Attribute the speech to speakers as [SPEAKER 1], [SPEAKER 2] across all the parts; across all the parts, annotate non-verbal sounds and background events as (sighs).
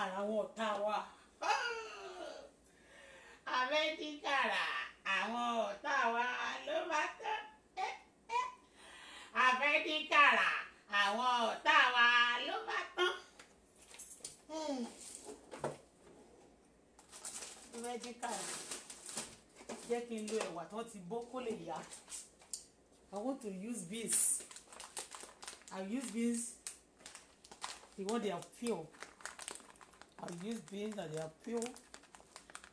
[SPEAKER 1] kàrà wọ̀ tá a wà. Ah! abẹ́díkàrà àwọn ọ̀tá wa ló bá tán. Eh, eh. abẹ́díkàrà àwọn ọ̀tá wa ló bá tán. Hmm. abẹ́díkàrà jẹ́ kí n lo ẹ̀wà tán ti bó kó lè yá. I want to use beans. I use beans the one they have peeled. I'll use beans that they are pure.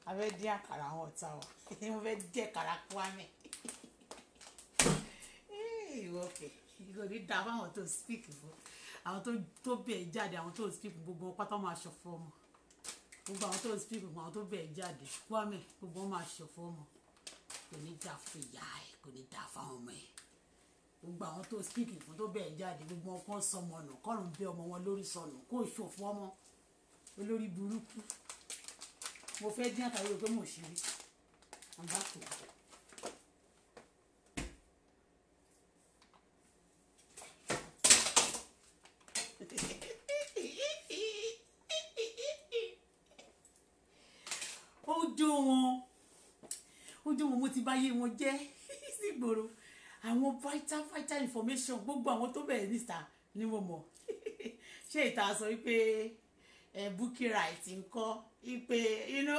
[SPEAKER 1] A fẹ́ dín àkàrà hàn ọ̀tá wa. (laughs) Mo fẹ́ dín àkàrà Kwame. (laughs) Ìwọ kẹ̀, ìgò ní da fáwọn tó speak fún. Àwọn tó tó bẹ̀ jáde, àwọn tó speak gbogbo wọn pátá máa ṣọ̀fọ̀ ọmọ. Gbogbo àwọn tó speak gbogbo àwọn tó bẹ̀ jáde. Kwame gbogbo wọn máa ṣọ̀fọ̀ ọmọ. Kò ní da fún ìyá ẹ̀, kò ní da fáwọn ọmọ ẹ̀. Gbogbo àwọn tó speak fún tó bẹ̀ jáde, gbogbo wọn kàn sọmọ nù, kọ́run bẹ́ ọmọ wọn lórí sọnù, kó ṣòfò ọmọ olórí burúkú mo fẹ́ dín àtàwọn olùkọ́ mò ń ṣe rí i'm back to you. ojú wọn ojú wọn mo ti bá yé wọn jẹ́ (laughs) sígboro àwọn vital vital information gbogbo àwọn tó bẹ̀rẹ̀ níta ni mo mọ̀ (laughs) ṣé ìta sọ wípé ẹ Bukky Wright ńkọ́ ìpè inú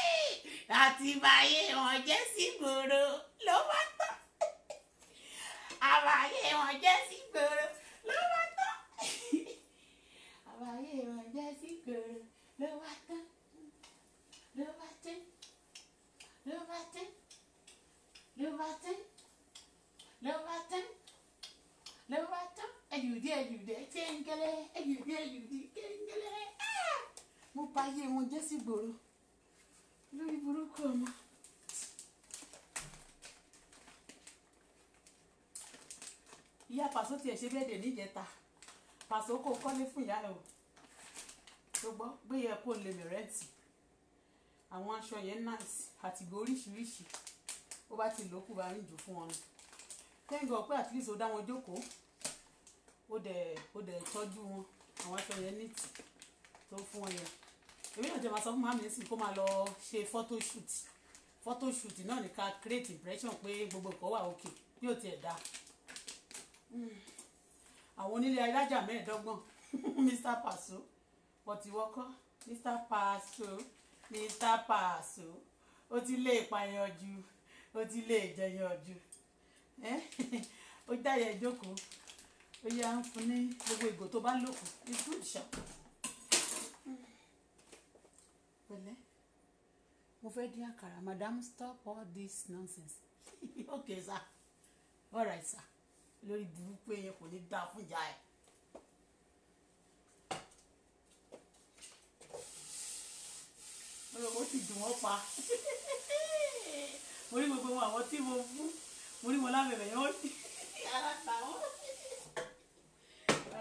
[SPEAKER 1] (laughs) àti ìbáyé wọn jẹ́ sí gbòòrò ló bá tán àbáyé wọn jẹ́ sí gbòòrò ló bá tán (laughs) àbáyé wọn jẹ́ sí gbòòrò ló bá tán ló bá tán ló bá tán ló bá tán ló bá tán ló bá tán ẹyùdí ẹyùdí kéńkélé ẹyùdí ẹyùdí kéńkélé ah! mo pa ayé wọn jẹ́ sí gbòòrò lórí burúkú ọmọ. ìyá pàṣọ tiẹ̀ ṣe bẹ́ẹ̀ dè níjẹta pàṣọ kò kọ́lé fún ìyá rẹ̀ o tó gbọ́ gbé yẹ kó lè mẹ̀rẹ́ǹtì àwọn aṣọ yẹn náìsì àtìgbò oríṣiríṣi ó bá ti lòókù bá rìn jù fún wọn. thank God pé at dá wọn jókòó ó dẹ̀ ó dẹ̀ tọ́jú wọn àwọn aṣọ yẹn ní tì tó fún ọ yẹn èmi náà jẹ́ máa sọ fún màmí sí kó máa lọ ṣe photoshoot photoshoot náà ní ká create impression pé gbogbo nǹkan wà òkè bí ó tiẹ̀ dáa àwọn onílé alájà mẹ́ẹ̀ẹ́dọ́gbọ̀n (laughs) Mr. Paso pọ̀tìwọ́kọ́ Mr. Paso Mr. Paso ó ti lé ìpààyàn jù ó ti lé ìjẹyàn jù (laughs) ó dáyẹ ìjókòó ó yá ń fún ní gbogbo ìgò tó bá lò fún ikú ìṣàn. pẹ̀lẹ́ mo fẹ́ dín àkàrà madam stop all this nonsense (laughs) okay sir all right sir lórí burúkú èèyàn kò ní gbà fún ìyá ẹ̀. ó ti dùn wọ́n pa (laughs) mo rí gbogbo àwọn tí mo mú mo rí wọn lábẹ̀rẹ̀ yẹn ó ní aláta wọn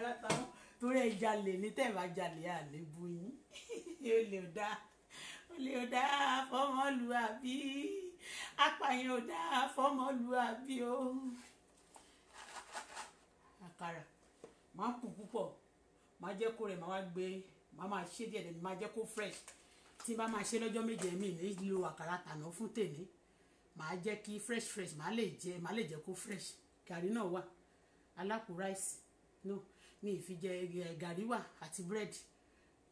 [SPEAKER 1] rárá torí ẹ jalè ní tẹ́ ẹ bá jalè àlébù yín (laughs) ó lè dá ó lè dá fọmọlúàbí apààyàn ò dá fọmọlúàbí o àkàrà máa ń kù púpọ̀ máa jẹ́ kó rẹ̀ máa wá gbé máa máa ṣe díẹ̀ dẹ̀ni máa jẹ́ kó fresh tí bá máa ṣe lọ́jọ́ méje mi ní lo àkàrà tànà fún tèmi máa jẹ́ kí fresh fresh máa lè jẹ máa lè jẹ́ kó fresh gàrí náà wà alápò ráìsì náà. No mi ì fi jẹ eh, gàrí wà àti búrẹ́dì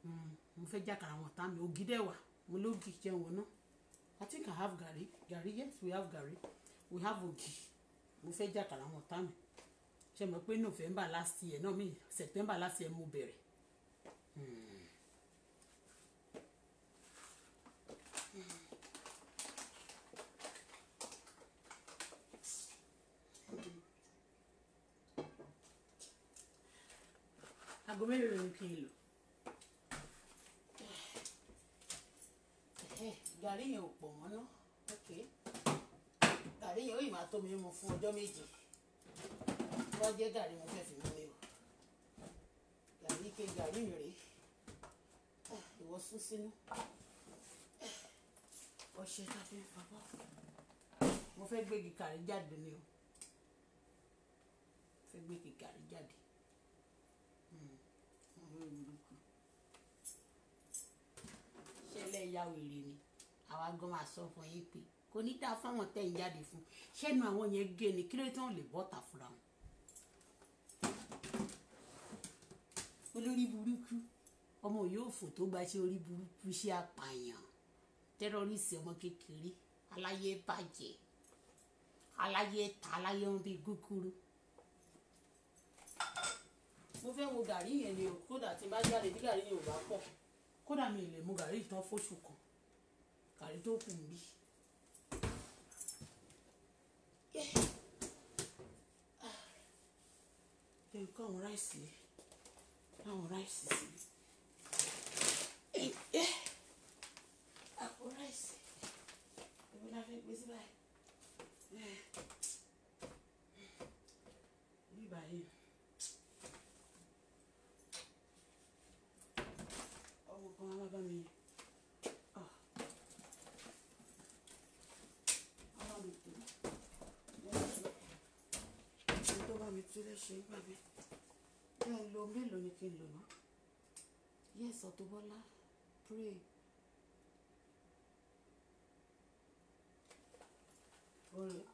[SPEAKER 1] mm, mo fẹ́ jàkàrà àwọn ọ̀tá mi ògì dẹ̀ wà mo lógì jẹun ọ̀nà I think I have gàrí gàrí yes we have gàrí we have ògì mo fẹ́ jàkàrà àwọn ọ̀tá mi ṣe mọ̀ pé November last year náà mi September last year mo bẹ̀rẹ̀. Hmm. aago mélòó ni kí n lò. gàrí yẹn ò pọ̀ mọ́ ná gàrí yẹn ó yìí máa tó mi mu fún ọjọ́ méje wọ́n jẹ́ gàrí mo fẹ́ fi mi o gàrí ké gàrí mi rèé ah, ìwọ sún sínú ah, ọṣẹ tá a fi ń papọ̀ mo fẹ́ gbégi gàrí jáde ni o fẹ́ gbégi olórí burúkú ṣẹlẹ̀ ìyá wèrè ni àwa gan máa sọ fún yín pé kò ní dáa fáwọn tẹ́ ń jáde fún ṣẹ́nu àwọn yẹn gé ni kí ló tán lè bọ́ta fúnra wọn.
[SPEAKER 2] olórí burúkú
[SPEAKER 1] ọmọ yóò fò tó gba ṣe orí burúkú ṣe àpààyàn tẹ́rọ́rìsì ọmọ kékeré aláyé bàjẹ́ aláyé ta aláyé ń bí gúgúrú mo fẹ́ mu gàrí yẹn ni o kódà tí n bá jáde bí gàrí yẹn ò bá pọ̀ kódà mi ì lè mu gàrí ìtàn fóṣù kan gàrí tó kù ń bí. ẹ kó àwọn ráìsì àwọn ráìsì sí àpò ráìsì èmi la fẹ́ gbé sí báyìí. ṣe bàbí bẹ́ẹ̀ lo mélòó ni kí n lò náà yes Auto-Bola pray. Orin.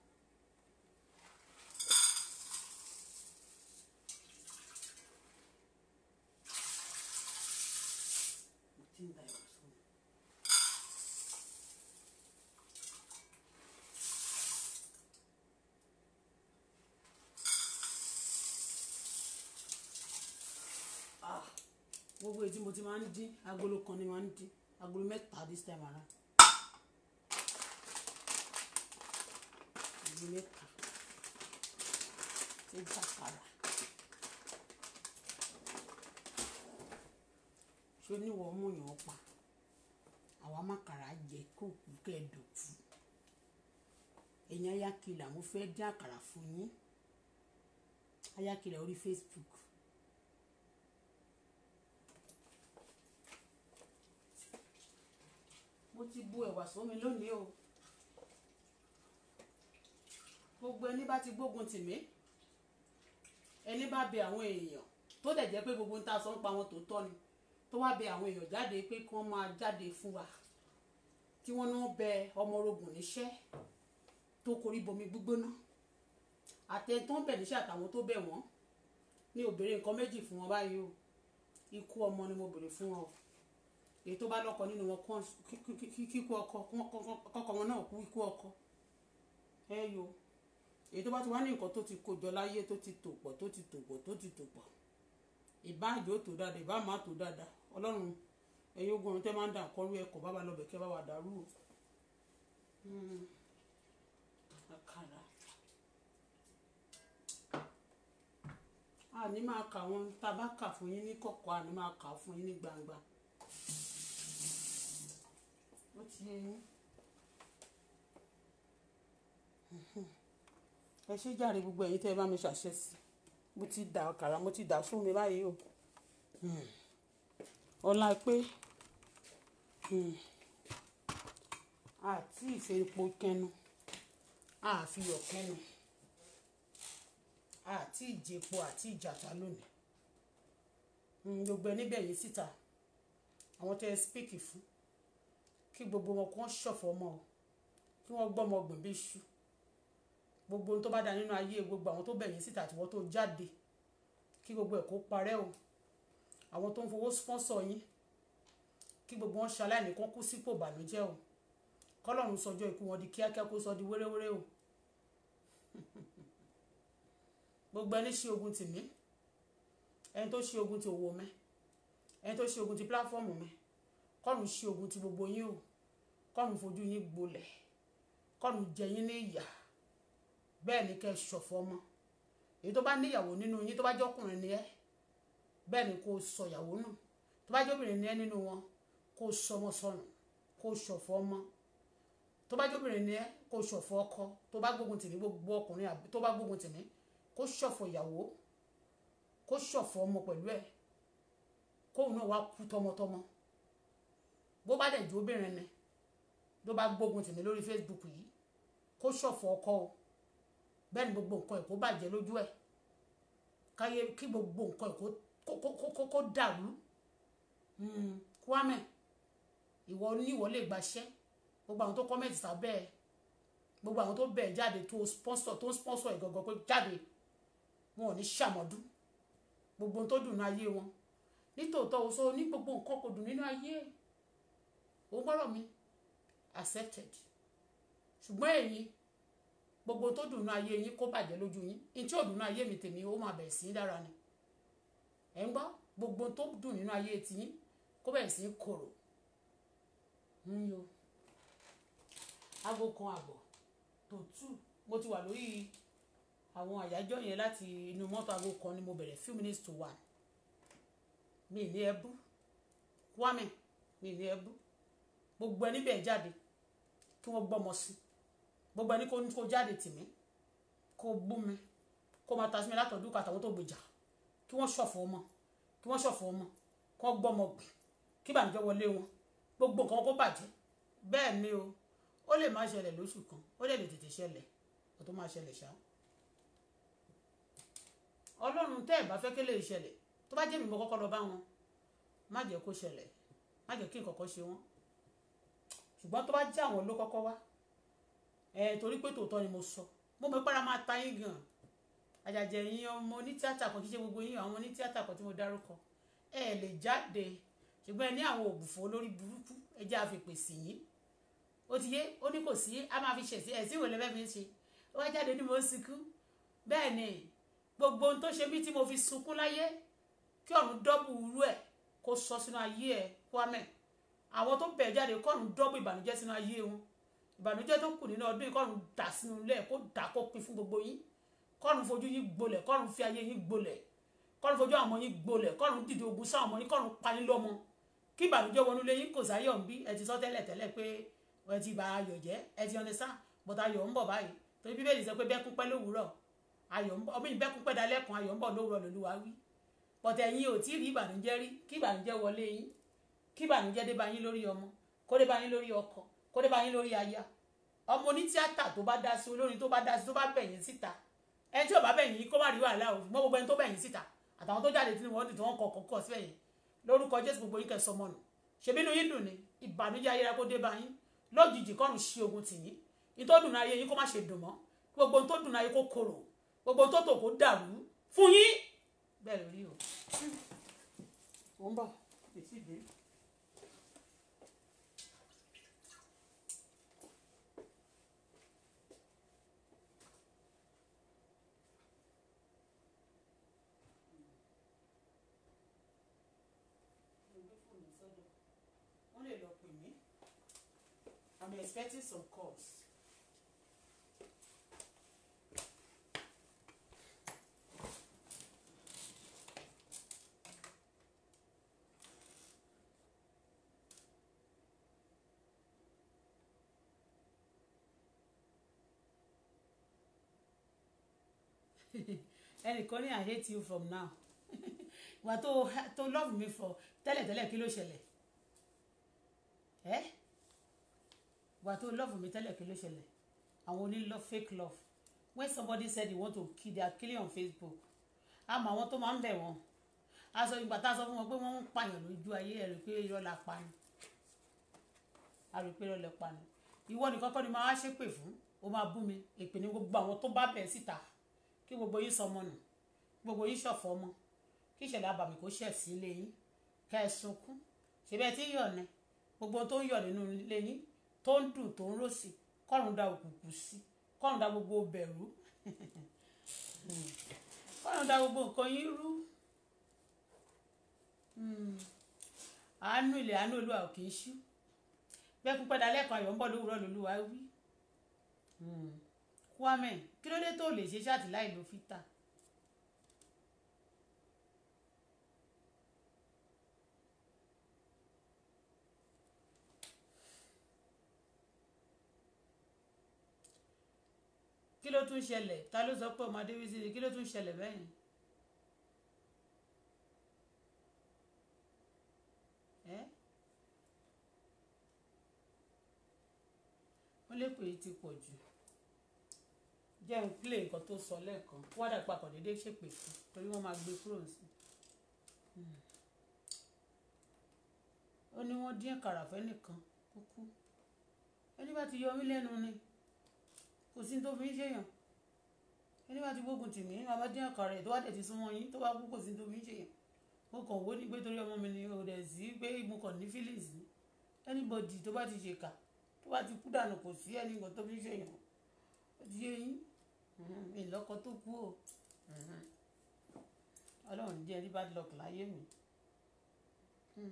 [SPEAKER 1] gbogbo èyí tí mo ti máa ń dín agolo kan ni máa ń dín agolo mẹ́ta this time around agolo mẹ́ta ti gbà padà ṣé oníwọ̀ ọmọ yẹn pa àwa mákàrà jẹ kóòkù kẹ́ẹ̀dọ̀kù ẹ̀yin ayákìlà mo fẹ́ dín àkàrà fún yín ayákìlà orí Facebook. ti bu ẹ̀wà sómi lónìí o gbogbo ẹni bá ti gbógun tì mí ẹni bá bẹ àwọn èèyàn tó dẹ̀ jẹ́ pé gbogbo ń ta sọ ń pa wọn tó tọ́ ni tó wá bẹ àwọn èèyàn jáde pé kí wọ́n máa jáde fún wa tí wọ́n náà bẹ ọmọ orogun níṣẹ́ tó korí bomi gbígbóná àtẹ̀tọ́ bẹ̀ níṣẹ́ àtàwọn tó bẹ̀ wọ́n ní obìnrin nǹkan méjì fún wọn báyìí o ikú ọmọ ni mo béèrè fún wọn o èyí tó bá lọ́kọ nínú wọn kíkú ọkọ kọ́kọ́ wọn náà kú ikú ọkọ ẹ yo èyí tó bá ti wá ní nǹkan tó ti kójọ láyé tó ti tò pọ̀ tó ti tò pọ̀ tó ti tò pọ̀ ìbá àjò tó dáadáa ìbá àmà tó dáadáa ọlọ́run ẹ̀yin ogun ọ̀run tẹ́ máa ń dà kọ́rú ẹ̀kọ́ bábà lọ́bẹ̀ kẹ́ bábà dàrú o hmm. àkàrà àní máa kà wọn tá a bá kà fún yín ní kọ̀kọ̀ àní máa kà fún yín ní gbangba ó ti yé yín ẹ ṣe jàre gbogbo ẹ̀yin tẹ́ ẹ bá mi ṣàṣẹ sí mo ti dà ọ̀kàrà mo ti dà sún báyìí o ọ̀la pé àti ìfẹ́po kẹnu àfihàn kẹnu àti ìjẹpo àti ìjàta lónìí gbogbo ẹ níbẹ̀ yìí síta àwọn tẹ́ ẹ spíkì fún kí gbogbo wọn kàn ṣọ̀fọ̀ ọmọ o kí wọ́n gbọ́ ọmọ ọgbìn bí iṣu gbogbo ohun tó bá da nínú ayé gbogbo àwọn tó bẹ̀yìn síta àtiwọ́ tó jáde kí gbogbo ẹ̀ kó parẹ́ o àwọn tó ń fowó sponsor yín kí gbogbo wọn ṣaláìní kan kú sípò ìbànújẹ́ o kọ́lọ́run sọjọ́ ikú wọn di kíákíá kó sọ di wéréwéré o (laughs) gbogbo ẹni ṣe ogun tì mí ẹni tó ṣe ogun ti òwò mi ẹni tó ṣe ogun ti pílàfọ́ọ̀mù mi kọ́lọ́run ṣe ogun ti gbogbo yín o kọ́run fojú yín gbolẹ̀ kọ́run jẹ yín ní ìyà bẹ́ẹ̀ ni kẹ́ ẹ ṣọ̀fọ̀ ọmọ èyí tó bá níyàwó nínú yín tó bá jẹ́ ni ẹ́ bẹ́ẹ̀ ni kò sọ ìyàwó nù tó bá jẹ́ ni ẹ́ nínú wọn kò sọmọ sọnù kò ṣọ̀fọ̀ ọmọ tó bá jẹ́ ni ẹ́ kò ṣọ̀fọ̀ ọkọ tó bá gbógun tìmí gbogbo ọkùnrin tó bá gbógun tìmí kò ṣọ̀fọ̀ ìyàwó kò ṣọ̀fọ̀ ọmọ pẹ̀lú ẹ̀ kóun náà wá kú tọmọtọmọ bó bá dẹ̀ ju ni ló bá gbógun tèmi lórí Facebook yìí kó ṣọ̀fọ̀ ọkọ o bẹ́ẹ̀ ni gbogbo nǹkan ẹ̀ kó bàjẹ́ lójú ẹ̀ káyé kí gbogbo nǹkan ẹ̀ kó kó dàrú hmm, Kwame ìwọ oníwọ lè gbaṣẹ́ gbogbo àwọn tó kọ́mẹ̀tì sábẹ́ ẹ̀ gbogbo àwọn tó bẹ̀ jáde tó sponsor tó sponsor ẹ̀ gangan pé jáde wọn ò ní ṣàmọ́dún gbogbo tó dùn ní ayé wọn nítòótọ́ o sọ ní gbogbo nǹkan kò dùn nínú ayé ò ń mi accepted ṣùgbọ́n ẹ̀yin gbogbo tó dùnú ayé yín kó bàjẹ́ lójú yín ní tí ò dùnú ayé mi tèmi ó máa bẹ̀rẹ̀ sí í dára ni ẹ̀ ń gbọ́ gbogbo tó dùn nínú ayé tiyín kó bẹ̀rẹ̀ sí í korò ń yo aago kan àbọ̀ tó tù mo ti wà lórí àwọn àyájọ́ yẹn láti inú mọ́tò aago kan ni mo bẹ̀rẹ̀ few minutes to one mi ní ẹbú kwame mi ní ẹbú gbogbo ẹni bẹ́ẹ̀ jáde kí wọ́n gbọ́mọ sí gbogbo ẹni kó jáde tì mí kó bú mi kó máa tasí mi látọ̀dún kàtàwọn tó gbèjà kí wọ́n ṣọ̀fọ̀ ọmọ kí wọ́n ṣọ̀fọ̀ ọmọ kí wọ́n gbọ́mọ gbìn kí bàjẹ́ wọlé wọn gbogbo nǹkan kó bàjẹ́ bẹ́ẹ̀ ni o ó lè má ṣẹlẹ̀ lóṣù kan ó lè lè tètè ṣẹlẹ̀ kó tó má ṣẹlẹ̀ ṣá ọlọ́run tẹ́ ẹ̀ bá fẹ́ kí lè ṣẹlẹ̀ tó bá jẹ́ mi mo kọ́kọ́ lọ bá wọn má jẹ́ kó ṣẹlẹ̀ má jẹ́ kí nǹkan kan ṣe wọ́n ṣùgbọ́n tó bá jẹ́ àwọn ló kọ́kọ́ wá ẹ torí pé tòótọ́ ni mo sọ mo mọ̀ pé ara máa ta yín gan àjàjẹ yín ọmọ onítíátà kan kì í ṣe gbogbo yín àwọn onítíátà kan tí mo dárúkọ ẹ lè jáde ṣùgbọ́n ẹ ní àwọn òbùfò olórí burúkú ẹ jẹ́ àfipè sí yín ó ti yé ó ní kò sí a máa fi ṣèṣe ẹ̀sìn ìwé lẹ́fẹ̀ẹ́ mi ṣe ó wá jáde ní mo ń sunkún bẹ́ẹ̀ ni gbogbo ohun tó ṣe mí tí mo fi sunkún láyé kí ọ̀run dọ́bù rú ẹ̀ kó sọ sínú ayé ẹ̀ kwamẹ́ àwọn tó bẹ̀ jáde kọ́run dọ́gbọ̀ ìbànújẹ́ sínú ayé wọn ìbànújẹ́ tó kù nínú ọdún yìí kọ́run dà sínú ilẹ̀ kó dà kó pin fún gbogbo yín kọ́run fojú yín gbolẹ̀ kọ́run fi ayé yín gbolẹ̀ kọ́run fojú àwọn yín gbolẹ̀ kọ́run dìde ogun sáwọn ọmọ yín kọ́run pani lọ́mọ kí ìbànújẹ́ wọnú lé yín kò sáyọ̀ ń bí ẹ ti sọ tẹ́lẹ̀ tẹ́lẹ̀ pé ẹ ti bà ayọ̀ jẹ́ ẹ ti ọ̀nẹ́sà but ayọ̀ ń bọ̀ báyìí torí bíbélì sọ pé bẹ́kún pẹ́ lówùúrọ̀ ayọ̀ ń bọ̀ ọmọ yìí bẹ́kún pẹ́ dalẹ́kun ayọ̀ ń bọ̀ lówùúrọ̀ lòlúwa wí but ẹ̀yin ò tí ì rí ìbànújẹ́ rí kí ìbànújẹ́ wọlé kí ìbànújẹ́ dé bá yín lórí ọmọ kó dé bá yín lórí ọkọ kó dé bá lórí aya ọmọ onítíátà tó bá dá sí olórin tó bá dá sí tó bá bẹ̀yìn síta ẹni tí ò bá bẹ̀yìn kó má rí wàhálà o mọ gbogbo ẹni tó bẹ̀yìn síta àtàwọn tó jáde tí wọ́n dì tí wọ́n kọ̀ kọ̀ kọ̀ síbẹ̀ yẹn lórúkọ jésù gbogbo yín kẹsọmọ nù ṣèbí inú yín dùn ní ìbànújẹ́ ayéra kó dé bá lójijì kọ́run ṣe ogun tì yín ìtọ́dùn ayé yín kó má ṣe dùn mọ́ gbogbo tó dùn ayé kó korò gbogbo tó tò kó dàrú fún yín bẹ́ẹ̀ lórí o. ó ń bọ̀ ètí ìdè. expecting some calls. ẹnìkan (laughs) ní i hate you from now wà (laughs) tó tó love me for tẹ́lẹ̀tẹ́lẹ̀ kí ló ṣẹlẹ̀ ẹ́. Eh? ìgbà tó love mi tẹ́lẹ̀ kí ló ṣẹlẹ̀ àwọn oní fake love when somebody said he want to kill they are killing on Facebook àmọ́ àwọn tó máa ń bẹ̀ wọ́n a sọ ìgbà tá a sọ fún wọn pé wọ́n ń pààyàn lójú ayé ẹ̀rù pé irọ́ la pa ni àrò pé irọ́ la pa ni ìwọ nìkan kọ́ ni máa wá ṣépè fún ó máa bú mi èpè ní gbogbo àwọn tó bá bẹ̀ síta kí gbogbo yín sọmọ nù gbogbo yín ṣọ̀fọ̀ ọmọ kí ìṣẹ̀lẹ̀ àbàmì kò ṣẹ̀ sí ilé yín kẹ́ ẹ sunkún ṣèbẹ́ tí yọ̀ ni gbogbo tó ń yọ̀ nínú ilé yín tó ń dùn tó ń rò sí kọ́run dá òkùnkùn sí kọ́run dá gbogbo bẹ̀rù (laughs) kọ́run da gbogbo nǹkan yín rú hmm. àánú ilẹ̀ àánú olúwa ò kì í ṣú bẹ́ẹ̀ kú padà lẹ́ẹ̀kan ayọ̀ ń bọ̀ lówùrọ̀ lolúwa wí hmm. Kwame kí ló dé tó lè ṣe ṣáàtì láì lo fítà kí ló tún ṣẹlẹ̀ ta ló sọ pé ọmọdé wí sí ni kí ló tún ṣẹlẹ̀ bẹ́yìn. wọ́n lè pè é ti pọ̀ jù jẹ́ ń plé nǹkan tó sọ lẹ́ẹ̀kan wádà papọ̀ déédéé ṣèpè fún torí wọ́n máa gbé kúrò sí i hmm. ó ní wọ́n dín ẹ̀kàrà nìkan kúkú ẹni bá ti yọ mí lẹ́nu ni kò sí tó fi ń ṣèyàn ẹni bá ti gbógun tì mí ní bàbá dín ọkàn rẹ̀ tó wá dẹ̀ ti súnmọ́ yín tó bá kú kò sí tó fi ń ṣèyàn mo kàn wó ní pé torí ọmọ mi ni o rẹ̀ sí pé mo kàn ní feelings ní anybody tó bá ti ṣèkà tó bá ti kú dànù kò sí ẹni kan tó fi ń ṣèyàn ó ti yé yín ìlọ́kọ tó kú o ọlọ́run jẹ́ rí bad luck láyé mi.
[SPEAKER 2] Mm.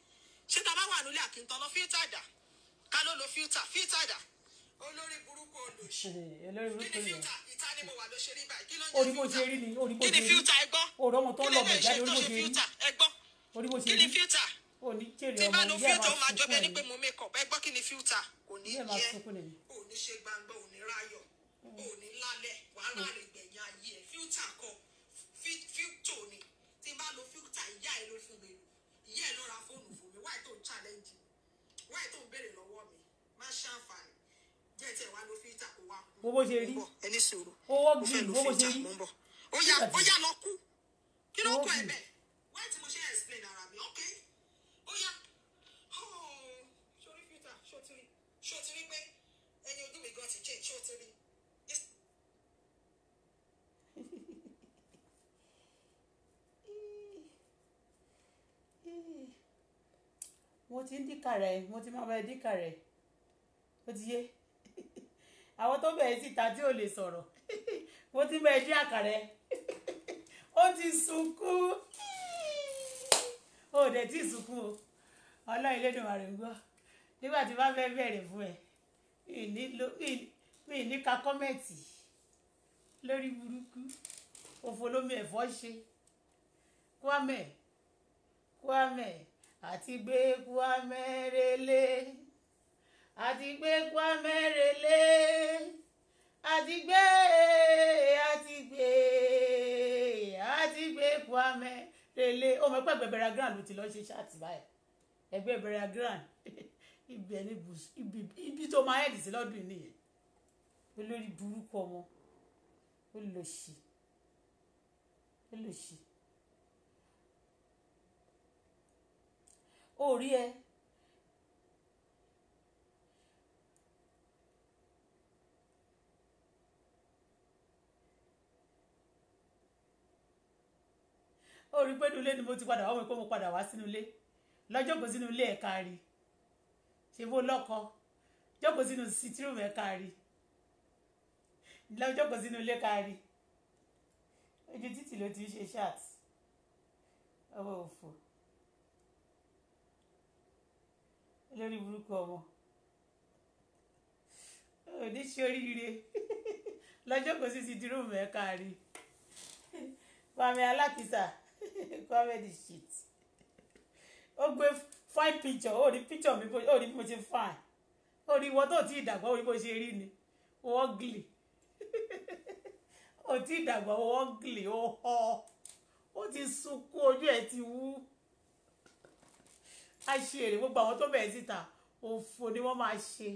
[SPEAKER 2] ṣé ta bá wà nílé àkíntàn lọ fíltà dà ká ló lo fíltà fíltà dà olórí burúkú
[SPEAKER 1] olóṣì kí ni fíltà
[SPEAKER 2] ìta ni mo wà ló ṣe rí báyìí kí ló
[SPEAKER 1] ń jẹ fíltà kí ni fíltà ẹ gbọ́ kí ló lè ṣe tó ṣe fíltà ẹ gbọ́ kí ni fíltà tí bá lo fíltà ó máa jọ bí ẹni pé mo
[SPEAKER 2] make up ẹ gbọ́ kí ni fíltà kò ní yẹ ò ní ṣe gbangba ò ní ráyọ̀ ò ní lálẹ́ wàhálà rẹ̀ gbẹ̀yìn ayé ẹ̀ fíltà kọ fíltò ni tí bá lo fíltà ìyá ẹ ló fún mi ìyá ẹ ló ra fóònù why tó ń challenge mi why tó ń béèrè lọ́wọ́ mi má ṣàǹfààní jẹ́ tiẹ̀ wá ló fi ìta kó wá kú. owó ṣe rí ẹni sòrò owó gbì owó ṣe rí ó yá ó yá lọ kú kí ló kọ ẹ bẹ́ẹ̀ why tí mo ṣe explain ara mi ok ó yá oh, ṣorí fìtà ṣó ti rí ṣó ti rí pé ẹni ojú mi gan ti jẹ́ ṣó ti rí.
[SPEAKER 1] mo ti ń díkà rẹ̀ mo ti máa bá ẹ díkà rẹ̀ ó ti yé àwọn tó bẹ̀rẹ̀ síta tí ò lè sọ̀rọ̀ mo ti bẹ̀rẹ̀ sí àkàrẹ̀ ó ti sunkún ó dẹ̀ ti sunkún o ọlọ́run Elédùmarè ń gbọ́ nígbà tí bá fẹ́ bẹ̀rẹ̀ fún ẹ mi ní ka kọ́mẹ̀tì lórí burúkú òfò lómi ẹ̀fọ́ ṣe Kwame Kwame àti gbé Kwame Rele àti gbé Kwame Rele àti gbé àti gbé àti gbé Kwame Rele ọmọ ẹgbẹ́ bẹ̀rẹ̀ agrand ló ti lọ́ọ́ ṣe ṣáàtì báyìí ẹgbẹ́ bẹ̀rẹ̀ agrand (laughs) ibi ẹni bùs ibi tó máa ẹ̀dì sí lọ́dún nìyẹn olórí burúkú ọmọ ó lọ sí ó lọ sí. ó rí ẹ ó rí pé inú ni mo ti padà wá wọn pé mo padà wá sínú ilé lọ́jọ́ kò sínú ilé ẹ̀ka rí ṣe bó lọ́kọ jókòó sínú sitirum ẹ̀ka rí lọ́jọ́ kò sínú ilé ojú títì ló ti ń ṣe ṣáàtì owó òfò. lórí burúkú ọmọ òní ṣe oríire (laughs) lọ́jọ́ kò sì ti dúró mẹ́ka rí Kwame alákìsà (laughs) Kwame the shit ó gbé fine picture ó rí picture mi ó rí bí mo ṣe fine ó rí ìwọ tó ti dàgbà ó rí bó ṣe rí ni wọ́n gìlì (laughs) ó ti dàgbà wọ́n gìlì ó họ ó ti sunkún ojú ẹ̀ ti wú àṣèrè gbogbo àwọn tó bẹ̀rẹ̀ síta òfò ni wọ́n máa ṣe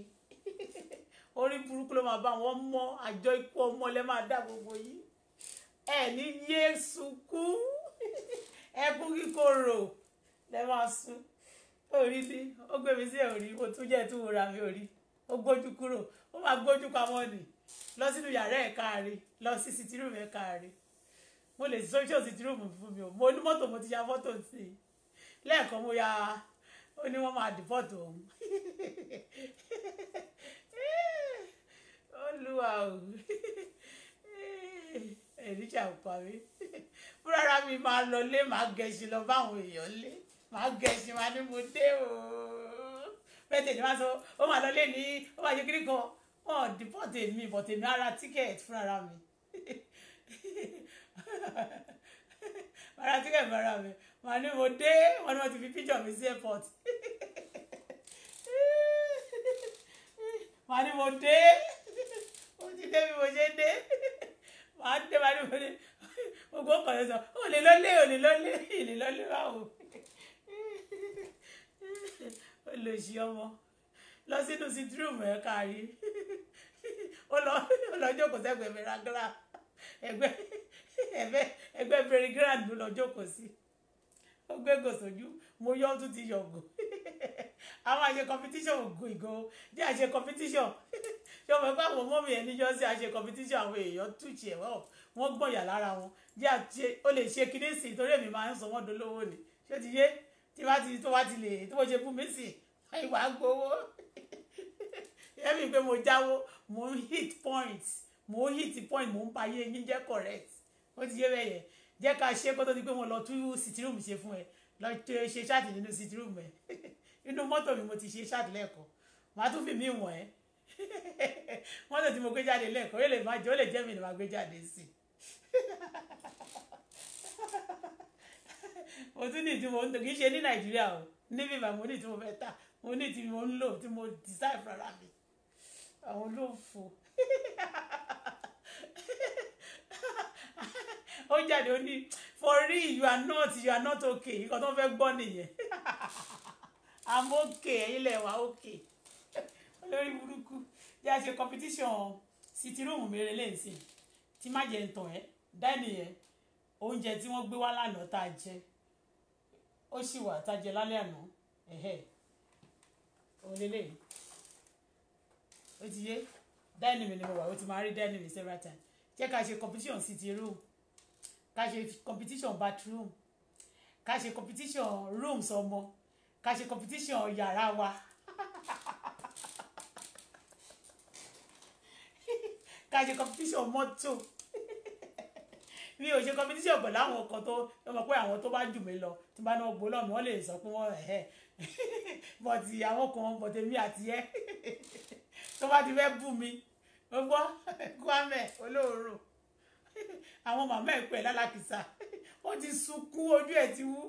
[SPEAKER 1] (laughs) orí burúkú ló máa bá wọn mọ àjọ ikú ọmọ lẹ máa dá gbogbo yìí ẹ ní yéésù kú (laughs) ẹkún kíkorò lẹ máa sùn orí bí ó gbé mi sí orí mo tún jẹ́ tún ra mi orí ó gbójú kúrò ó máa gbójú pamọ́ ni lọ sínú yàrá ẹ̀ káàrí lọ sí sitirumu ẹ̀ káàrí mo lè social sitirumu fún mi o mo ní mọ́tò mo ti ya fọ́tò sí i lẹ́ẹ̀kan mo ya ó ní wọ́n máa deport òun (laughs) olúwa o (laughs) ẹ̀rí ṣà ń pa mí fúnra mi máa lọ lé máa gẹ̀ẹ́sì lọ báwọn èèyàn lé máa gẹ̀ẹ́sì máa ní mo dé o bẹ́ẹ̀ tèmi máa sọ ó máa lọ lé ní ó máa ṣe kiri kan ọ̀ deport èmi but èmi ara ticket fúnra mi ara (laughs) ticket fúnra mi màá ní mo dé wọn ni wọn ti fi píjọ mi sí airport màá ní mo dé mo ti dé bí mo ṣe dé màá dé màá ní mo dé gbogbo ọkàn yẹn sọ òní lọlé òní lọlé o lọlé báwo olùsí ọmọ lọ sínú sítrúùmù ẹ kárí ó lọ ó lọ jókòó sẹ́gbẹ̀ẹ́ mìíràn gírà ẹgbẹ́ ẹgbẹ́ ẹgbẹ́ mìíràn gírà ló lọ jókòó sí. (laughs) ó gbégo sójú mo yọ ó tún ti yọ ògo (laughs) àwọn àṣe competition ògo ìgò jẹ́ àṣe competition yọ (laughs) mọ̀ pé àwọn ọmọ mi yẹn níjọ́ sí àṣe competition àwọn èèyàn túùchì ẹ̀ wọ́n gbọ̀nyà lára wọn jẹ́ àṣe ó lè ṣe kíní sí torí èmi máa ń sọ wọ́n dolówó ni ṣé ti yé tí wá ti tó wá ti lè tó ṣe fún mi sí ìwà gbowó ẹ̀mí pé mo jáwó mo hit point mo hit point mo ń payé yín jẹ́ correct ó ti yé bẹ́ẹ̀ yẹn jẹ́ ká ṣe kó tó di pé wọ́n lọ tú sitirumu ṣe fún ẹ lọ ṣe ṣáàtì nínú sitirumu ẹ (laughs) inú mọ́tò mi mo ti ṣe ṣáàtì lẹ́ẹ̀kan màá tún fi mí wọ̀n ẹ́ (laughs) mọ́tò tí mo gbé jáde lẹ́ẹ̀kan ó lè má jẹ́ ó lè jẹ́ mi ni màá gbé jáde sí i (laughs) mo tún ní ìdí mo ń lò kì í ṣe ní nàìjíríà o níbi ìbá mo ní ìdí mo fẹ́ tà mo ní ìdí ń lò tí mo design fúnra mi àwọn olóòfò ó jáde ó ní for real you are not you are not okay nǹkan tó fẹ́ gbọ́ nìyẹn (laughs) i'm okay ẹ̀yin lẹ̀ wá okay (laughs) olórí burúkú bí a ṣe competition sitiróòmù mi relé nsìn tí má jẹ ntàn ẹ dání yẹn oúnjẹ tí wọ́n gbé wá lánàá tá a jẹ ó sì wà tá a jẹ lálẹ́ àná ẹ̀hẹ́ òlélẹ̀ ó ti yé dání mi ni mo wà ó ti máa rí dání mi several times jẹ́ ká ṣe competition sitiróòmù ká ṣe competition bathroom ká ṣe competition rooms ọmọ ká ṣe competition yàrá wa (laughs) ká ṣe competition mọ́tò (laughs) mi ò ṣe competition pẹ̀lú àwọn ọkọ̀ tó ọmọ pé àwọn tó bá jù mí lọ tí bá náà gbó lọ́mọ wọ́n lè sọ pé wọ́n ẹ̀ (laughs) but àwọn kan but èmi àti ẹ́ tó bá ti fẹ́ bù mí ó Kwame olóòórùn àwọn màmá ẹ̀ pẹ̀ lálàkìsà ó ti sunkún ojú ẹ̀ ti wú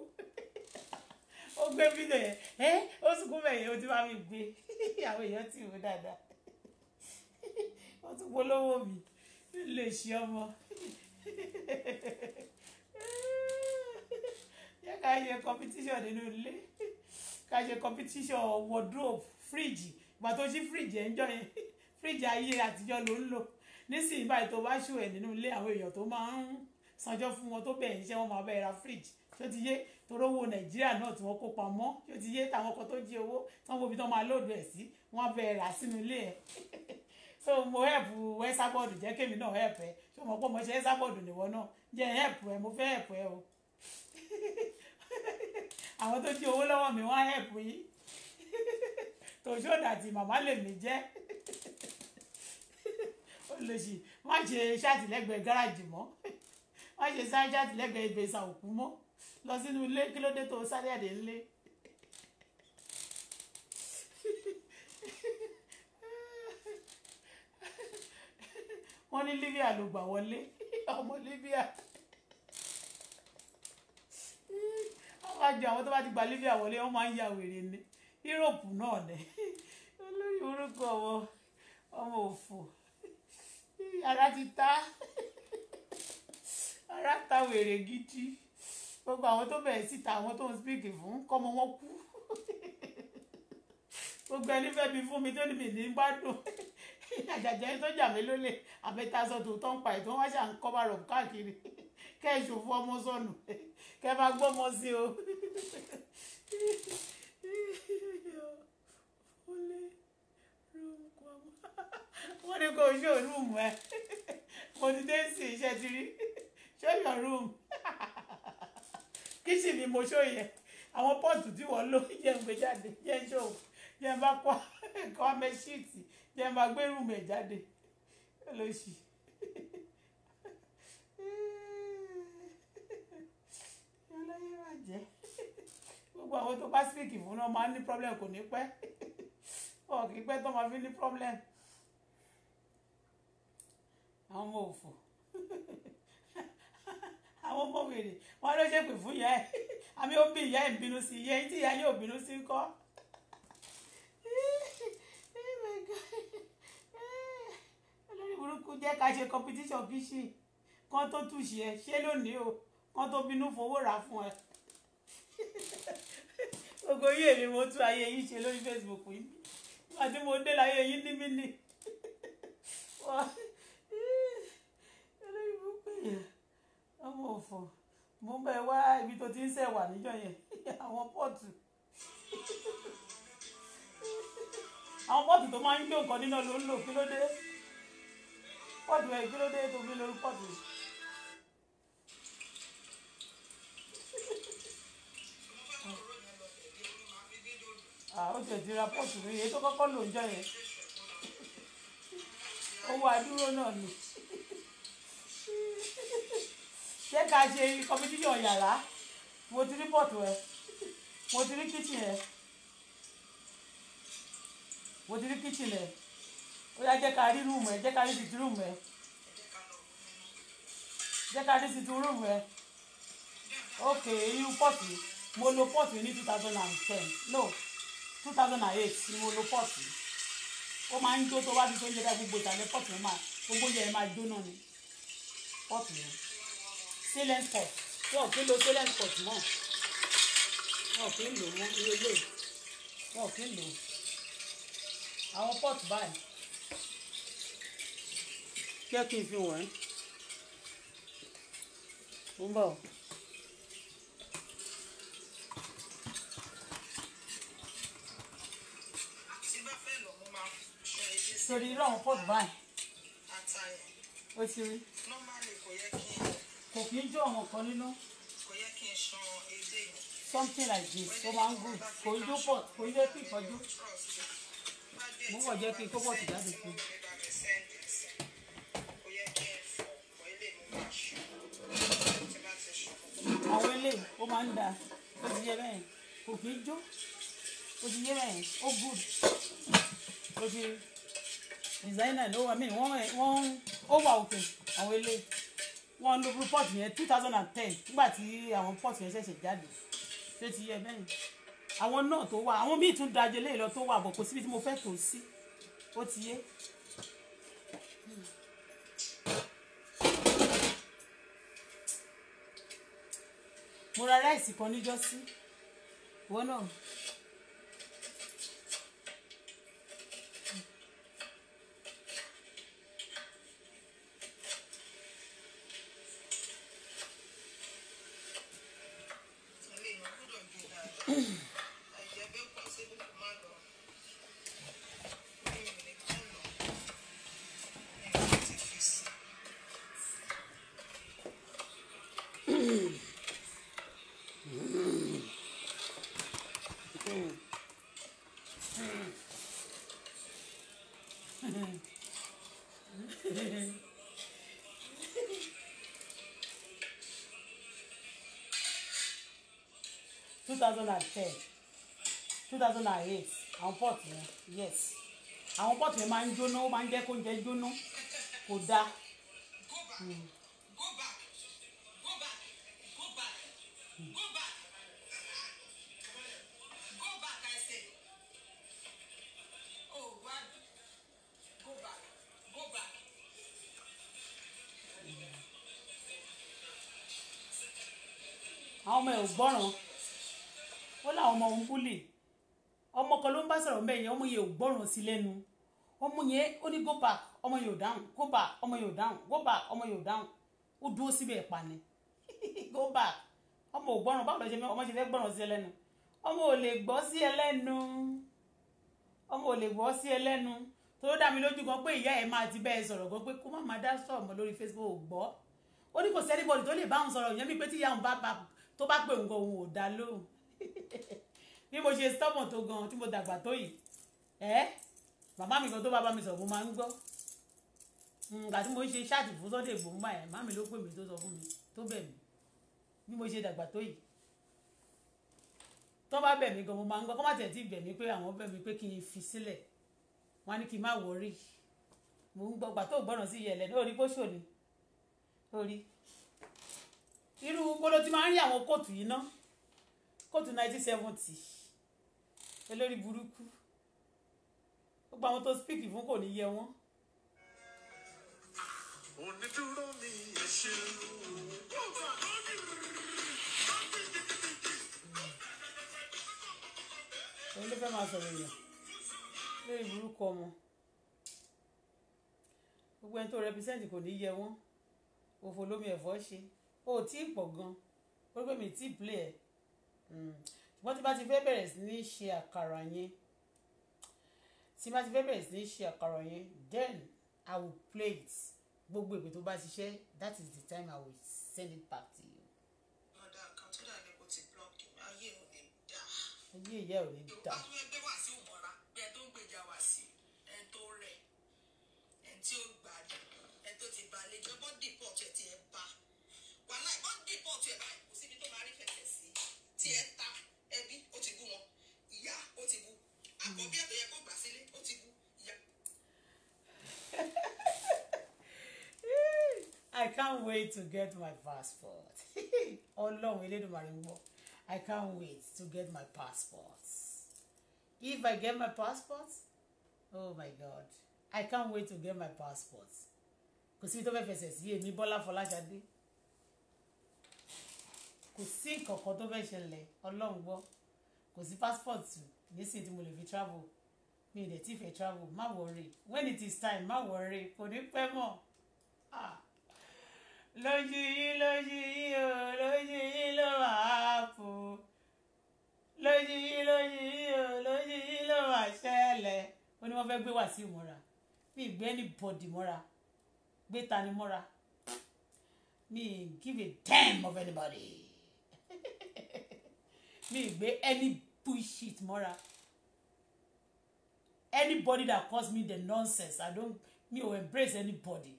[SPEAKER 1] ó gbé bílẹ̀ ẹ́ ó sunkún bẹ̀yẹ̀ ó ti bá mi gbé àwọn èèyàn ti wò dáadáa ó tún polówó mi lè ṣe ọmọ yẹ ká ṣe competition nínú ilé ká ṣe competition wardrobe fridge ìgbà tó ṣí fridge ẹ̀ ń jọ yẹn fridge ayé àtijọ́ ló ń lò nísìnyí báyìí tó bá ṣù ẹ̀ nínú ilé àwọn èèyàn tó máa ń sanjọ́ fún wọn tó bẹ̀ẹ̀ iṣẹ́ wọn máa bẹ̀ẹ̀ ra fridge tó ti yé torówó nàìjíríà náà tí wọ́n kó pamọ́ tó ti yé táwọn kan tó jí owó táwọn obì tán máa lóòdù ẹ̀ sí wọ́n bẹ̀ẹ̀ rà sínú ilé ẹ̀ (laughs) so mo help wẹ́sàbọ̀dù jẹ́ kémi náà help ẹ̀ ṣé mo pọ́ mo ṣe wẹ́sàbọ̀dù nìwọ náà jẹ́ help ẹ̀ mo fẹ́ help ẹ̀ o (laughs) àwọn tó jí owó lọ́wọ́ mi wọ́n help yìí (laughs) tòṣó dàtí màmá lè mí jẹ́ olóṣì má ṣe ṣàtìlẹ́gbẹ̀ẹ́ gáràjì mọ́ má ṣe sáré ṣàtìlẹ́gbẹ̀ẹ́ ìbẹ̀sà òkú mọ́ lọ sínú ilé kí ló dé tó sáré àdé ńlé. wọ́n ní Libya ló gbà wọlé ọmọ Libya àjọ àwọn tó bá ti gba Libya wọlé wọ́n máa ń ya wèrè ní Europe náà ní olórí orúkọ ọmọ ọmọ òfò ara ti ta ara ta wèrè gidi gbogbo àwọn tó bẹ̀rẹ̀ síta àwọn tó ń spíkì fún kọ́mọ wọn kú gbogbo ẹni fẹ́ bí fún mi tó ní mi ní gbádùn àjàjẹ́ tó jà mí lólè àbẹ́tasọ tó tán pa ìtàn wáṣà ń kọ́ bá rọ̀ káàkiri kẹ́ ẹ̀ ṣòfò ọmọ sọnù kẹ́ ẹ bá gbọ́mọ sí o.
[SPEAKER 2] wọ́n ní kò ṣó rúùmù
[SPEAKER 1] ẹ̀ mo ti dé sí iṣẹ́ ti rí ṣó yọ rúùmù kíṣì ni mo ṣó yẹ àwọn pọ́ọ̀tù tí wọ́n lò (laughs) jẹ́ ń gbé jáde jẹ́ ń ṣó jẹ́ ń bá kọ́ ẹ̀kọ́ (laughs) amẹ́ṣíìtì jẹ́ ń bá gbé rúùmù ẹ̀ jáde lóṣì. ọlọ́yẹ wà jẹ́ gbogbo àwọn tó bá sílíkì fún náà máa ń ní pọ́blẹ̀mù kò ní pẹ́ (laughs) ọ̀ kì í pẹ́ tó máa fi ní pọ́blẹ̀mù ọmọ òfò àwọn ọmọ wèrè wọn ló ṣe pè fún ìyá ẹ àmì ó bí ìyá ẹ bínú sí iye tí ìyá yóò bínú sí kọ́. Oh olórí burúkú jẹ́ ká ṣe competition kíṣì kan tó túṣì ẹ ṣé lónìí o kan tó bínú fowó rà fún ẹ gbogbo yìí èmi mo tún ayé yìí ṣe lórí Facebook yìí àti mo dé láyé yìí ní mí yẹn ọmọ òfò mo bẹ wá ibi tó ti ń sẹ̀ wà níjọ́ yẹn (laughs) àwọn pọ́ọ̀tù àwọn pọ́ọ̀tù tó máa ń jó nǹkan nínú ló ń lò kí ló dé pọ́ọ̀tù ẹ̀ kí ló dé tó fi lórí pọ́ọ̀tù. ó tiẹ̀ ti ra pọ́ọ̀tù mi èyí tó kọ́kọ́ lò ń jọ yẹn owó adúró náà ni ṣé ká ṣe competition yàrá mo ti rí pọ̀tù ẹ mo ti rí kitchen ẹ mo ti rí kitchen ẹ ó yá jẹ́ ká rí rúùmù ẹ jẹ́ ká rí sitting rúùmù ẹ jẹ́ ká rí sitting rúùmù ẹ ok irú pọ̀tù mo lo pọ̀tù ní two thousand and ten no two thousand and eight ni mo lo pọ̀tù ó máa ń jó tó wá sí tó ń jẹ́ ká gbogbo ìtàlẹ́ pọ̀tù ó máa gbogbo yẹn máa jóná ni pọ̀tù yẹn salient pot wọn kì í lo salient pot mọ́ wọn kì í lò wọn irú eléyìí wọn kì í lò àwọn pot báyìí jẹ́ kí n fi wọ̀n ẹ́ mo ń bọ̀. sori irú àwọn pot báyìí ó ti rí kò kí ń jó àwọn kan nínú something like this ó máa ń gùn kò ń jó pọ̀ kò ń jẹ́ kí ìfọ́jú mo wọ̀ jẹ́ kí n kó pọ̀ sí jáde àwọn ilé ó máa ń da ó ti yẹ bẹ́ẹ̀ kò kí ń jó ó ti yé bẹ́ẹ̀ ó good ó ti designer ló wà mí wọ́n wọ́n ó wà òkè àwọn ilé wọ́n lo port yẹn two thousand and ten nígbà tí àwọn port yẹn ṣẹ̀ṣẹ̀ jáde ṣé ti yẹ bẹ́ẹ̀ àwọn náà tó wà àwọn míì tún dájọ lẹ́yìn lọ tó wà bọ̀ kò síbi tí mo fẹ́ tó sí ó ti yé. mo ra ráìsì kan níjọ́sí wọ́n náà. 2010, thousand and ten oh àwọn pot yẹn yes àwọn pot yẹn máa ń jóná ó máa ń jẹ́ kó oúnjẹ jóná kò dáa. Hmm. sọ̀rọ̀ yẹn ọmọ yẹn ò gbọ́ràn sí lẹ́nu ọmọ yẹn ó ní go back ọmọ yẹn ò dáhùn go back ọmọ yẹn ò dáhùn go back ọmọ yẹn ò dáhùn ó dúró síbẹ̀ pa (laughs) go back ọmọ ò gbọ́ràn báwo lọ ṣe ọmọ ṣe fẹ́ gbọ́ràn sí ẹlẹ́nu ọmọ ò lè gbọ́ sí ẹlẹ́nu ọmọ ò lè gbọ́ sí ẹlẹ́nu tó dá mi lójú gan pé ìyá ẹ̀ máa ti bẹ́ẹ̀ sọ̀rọ̀ gan pé kó má máa dá sọ̀rọ̀ lórí Facebook ò gbọ́ ó ní kò (laughs) bí mo ṣe stubborn tó gan tí mo dàgbà tó yìí ẹ màmá mi kan tó bá bá mi sọ̀rọ̀ mo máa ń gbọ́ nígbà tí mo ń ṣe ṣáàtì fún Sunday gbòǹgbà ẹ̀ má mi ló pè mí tó sọ fún mi tó bẹ̀ mí bí mo ṣe dàgbà tó yìí tó bá bẹ̀ mí gan mo máa ń gbọ́ kó má tẹ̀ tí bẹ̀ mí pé àwọn bẹ̀ mí pé kí n fi sílẹ̀ wọ́n á ní kí n má wọrí mo ń gbọ́ gbà tó gbọ́ràn sí yẹlẹ̀ ní orí bó ṣò ní orí irú gbọ́dọ̀ tí máa ń rí àwọn seventy olórí burúkú gbogbo àwọn tó speak fún kò ní yẹ wọn.
[SPEAKER 2] onídúró mi ṣe
[SPEAKER 1] òun ló fẹ́ máa sọ̀rọ̀ èèyàn lórí burúkú ọmọ gbogbo ẹni tó represent kò ní yẹ wọn òfò lómi ẹ̀fọ́ ṣe o tí ì pọ̀ gan-an ó rí mi tí ì play ẹ̀ hmm ṣùgbọ́n tí bá ti fẹ́ bẹ̀rẹ̀ sí ní ṣe àkàrà yẹn tí bá ti fẹ́ bẹ̀rẹ̀ sí ní ṣe àkàrà yẹn then I will play it gbogbo èpè tó bá ṣiṣẹ́ that is the time I will send it back to you.
[SPEAKER 2] ọ̀dà kan tó dà ní kò ti blọ́ọ̀kì ayé ò ní dà.
[SPEAKER 1] ayé ìyá ò ní dà. àwọn
[SPEAKER 2] ẹgbẹ́ wà sí òmọ́ra bí ẹ tó ń gbèjà wà sí ẹ tó rẹ̀ ẹ tí ó gbàdùn ẹ tó ti balẹ̀ jẹ́ bọ́dì pọ̀ tó ẹ ti ẹ bá wàhálà ìbọn dì pọ̀ tó ẹ bá kò síbi tó máa rí fẹsẹ̀ sí tí ẹ ti bu àkọ́bí ẹ̀tọ́ yẹ kó gbà sílé ó ti bu. (laughs)
[SPEAKER 1] I can't wait to get my passport. (laughs) Ọlọ́run Elédùmarè ń gbọ́. I can't wait to get my passport. If I get my passport, oh my God, I can't wait to get my passport. Kò sí tó fẹ́ fẹsẹ̀ sí èmi Bọ́lá Fọláṣadé. Kò sí nǹkan kan tó fẹ́ ṣẹlẹ̀ Ọlọ́run gbọ́. Kò sí passport tù nísìnyí tí mo lè fi travel mi ò dẹ̀ tí fẹ́ travel má worry when it is time má worry kò ní pẹ́ mọ́ ah. lójú yín lójú yín o lójú yín ló máa fò lójú yín lójú yín o lójú yín ló máa ṣẹlẹ̀ ó ní wọ́n fẹ́ gbé Wàsíù mọ́ra mi ì gbé anybody mọ́ra gbé ta mọ́ra mi ì give a damn of anybody (laughs) mi ì gbé anybody push it mọ́ra anybody that calls me the nonsense i don't Me, ò embrace anybody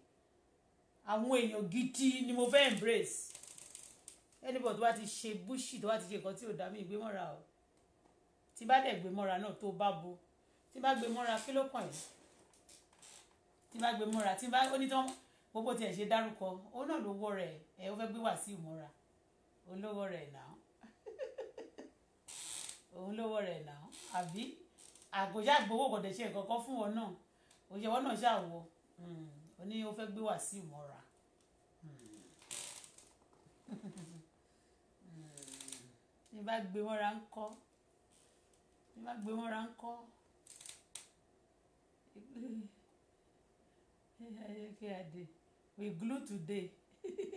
[SPEAKER 1] àwọn èèyàn gidi ni mo fẹ́ embrace anybody tó bá ti ṣe bullshit tó bá ti ṣe nǹkan tí ò dá mi ìgbé mọ́ra o tí bá dẹ̀ gbé mọ́ra náà tó bá bo tí bá gbé mọ́ra kí ló kàn yìí tí bá gbé mọ́ra tí bá ó ní tán gbogbo tiẹ̀ ṣe dárúkọ ó náà ló wọ́ rẹ̀ ẹ̀ ó fẹ́ gbé wá sí olówó rẹ̀ náà òun lówó rẹ̀ là ń àbí àgbòjá gbowó kọ̀dẹ̀ ṣe nǹkan kan fún wọn náà òṣèwọ́ náà ṣàwọ̀ hmm. ó ní ó fẹ́ gbé wá sí ìmọ̀ra. ní bá gbé wọn ra ń kọ́ ní bá gbé wọn ra ń kọ́ (laughs) kí a dé we glue today. (laughs)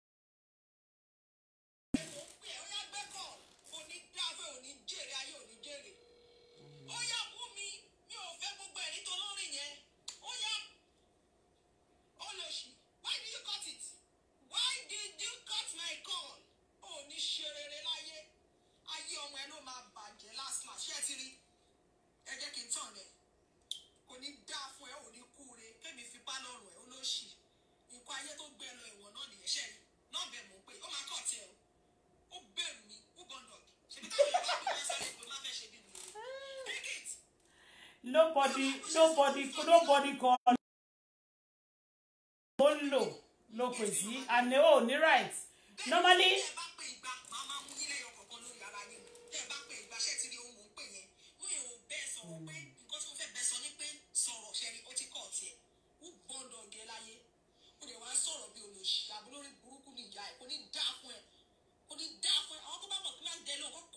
[SPEAKER 1] nobody nobody nobody call ó ń lò ló pè sí and ó ní right normally.
[SPEAKER 2] sọ̀rọ̀ bí olùṣàbí lórí burúkú nìyá ẹ̀ kò ní dáa fún ẹ̀ kò ní dáa fún ẹ̀ àwọn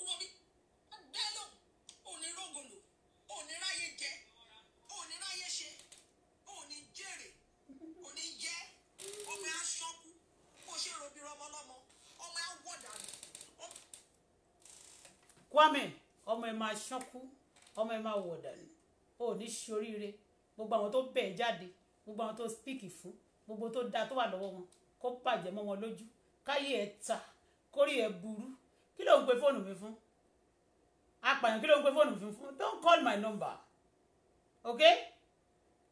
[SPEAKER 1] Kwame ọmọ ẹ máa ṣánkú ọmọ ẹ máa wọ̀ dànù ó ní ṣoríire gbogbo àwọn tó bẹ̀ jáde gbogbo àwọn tó spíkì fún gbogbo tó da tó wà lọ́wọ́ wọn kó bàjẹ́ mọ́ wọn lójú káyé ẹ̀ ta kórè ẹ̀ burú kí ló ń pe fóònù mi fún apààyàn kí ló ń pe fóònù mi fún don't call my number ok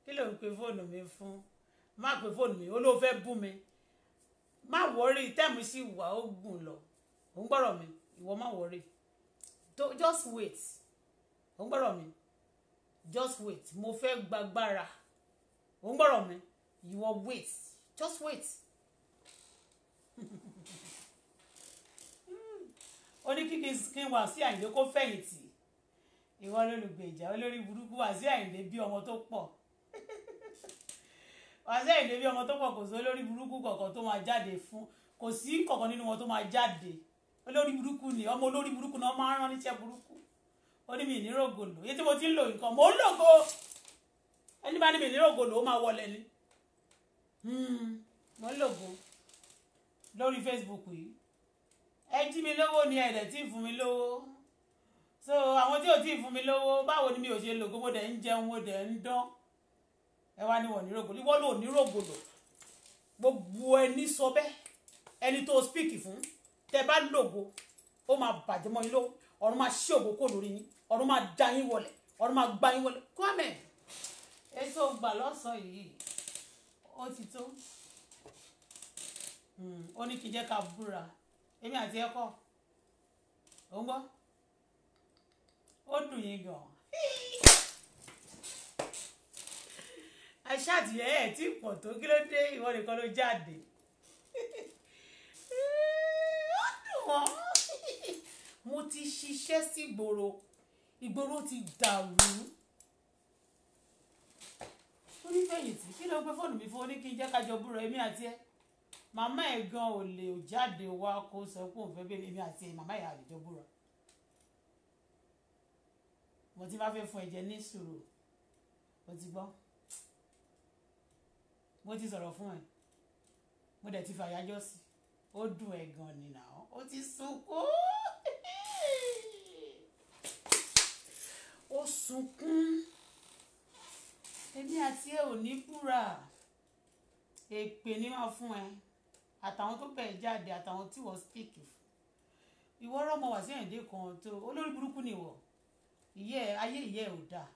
[SPEAKER 1] kí ló ń pe fóònù mi fún má pe fóònù mi olóò fẹ́ bú mi má wọrí tẹ́ẹ̀mù sí wà ó gùn lọ òun gbọ́rọ̀ mi ìwọ má wọrí don't just wait ò ń gbọ́rọ̀ mi just wait mo fẹ́ gbàgbára ò ń gbọ́rọ̀ mi ìwọ wait just wait (laughs) ó ní kíkí skin wá sí àyìnlé kó fẹ̀yìntì ìwọ lólùgbèjà olórí burúkú wá sí àyìnlé bí ọmọ tó pọ̀ (laughs) wá sí àyìnlé bí ọmọ tó pọ̀ kò sí olórí burúkú kọ̀ọ̀kan tó máa jáde fún kò sí kọ̀ọ̀kan nínú wọn tó máa jáde olórí burúkú ni ọmọ olórí burúkú náà máa ń rán níṣẹ́ burúkú ó ní mi ìnírògò lò yé tí mo ti ń lo nǹkan mò ń lògo ẹni bá ní mi ìnírògò ó máa wọlé ni hmm, mò ń lògo lórí Facebook yìí ẹ jí mi lówó ni ẹ̀rẹ̀ tí ì fún mi lówó so àwọn tí ò tí ì fún mi lówó báwo ni mi ò ṣe lògo mo dẹ̀ ń jẹun mo dẹ̀ ń dán ẹ wá ní wọn nírògò lò wọn lò nírògò lò gbogbo ẹni sọ bẹ́ẹ̀ ẹni tó speak fún tẹ́ bá lògo ó máa bàjẹ́ mọ́ yín lọ́wọ́ ọ̀run máa ṣí ògo kò lórí yín ọ̀run máa da yín wọlé ọ̀run máa gba yín wọlé Kwame ètò ìgbà lọ́sàn-án yìí ó ti tó hmm, ó ní kí n jẹ́ ká búra èmi àti ẹ̀kọ́ ò ń gbọ́ ó dùn yín gan aṣáàtìyẹ ẹ̀ tí pọ̀ tó kí ló dé ìwọ nìkan ló jáde. (laughs) wọ́n (laughs) mo ti ṣiṣẹ́ sí ìgboro ìgboro ti dàrú onífẹ̀yìntì kí ló gbé fóònù mi fún oní kí n jẹ́ ká jọ búra èmi àti ẹ màmá ẹ̀ gan ò lè jáde wá kó sọ pé òun fẹ́ bẹ́ẹ̀ èmi àti ẹ̀ màmá ẹ̀ àlejò búra mo ti bá fẹ́ fún ẹ̀jẹ̀ ní sùúrù mo ti gbọ́ mo ti sọ̀rọ̀ fún ẹ mo dẹ̀ ti fàyàjọ́ sí ó dùn ẹ̀ gan ni nà ó ti sunkún ó sunkún èmi àti ẹ ò ní búra èpè ni wọn fún ẹ àtàwọn tó bẹ̀ jáde àtàwọn tí wọ́n speak ìwọ ọlọ́mọ wà sí ẹ̀ǹdẹ́ kan tó olórí burúkú nìwọ ìyẹ́ ayé ìyẹ́ ò dáa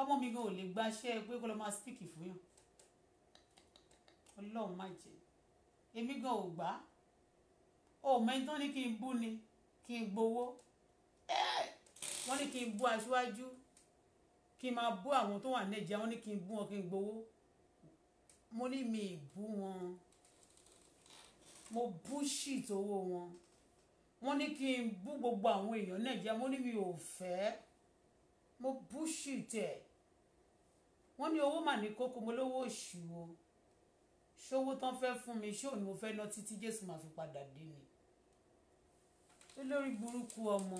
[SPEAKER 1] ọmọ mi gan ò lè gbaṣẹ́ pé kó lọ máa speak fún yàn ọlọ́run má jẹ́ èmi gan ò gbà o mẹ́tọ́ ní kí n bú ni kí n gbowó wọ́n ní kí n bú aṣíwájú kí n máa bú àwọn tó wà nẹ́jà wọ́n ní kí n bú wọn kí n gbowó mo ní mi ì bú wọn mo bú shit owó wọn wọ́n ní kí n bú gbogbo àwọn èèyàn nẹ́jà mo ní mi ò fẹ́ mo bú shit ẹ̀ wọ́n ní owó mà ní kókó mo lówó òṣù o ṣówó tán fẹ́ fún mi ṣé òun ni mo fẹ́ ná títí Jésù máa fi padà dé mi tó lórí burúkú ọmọ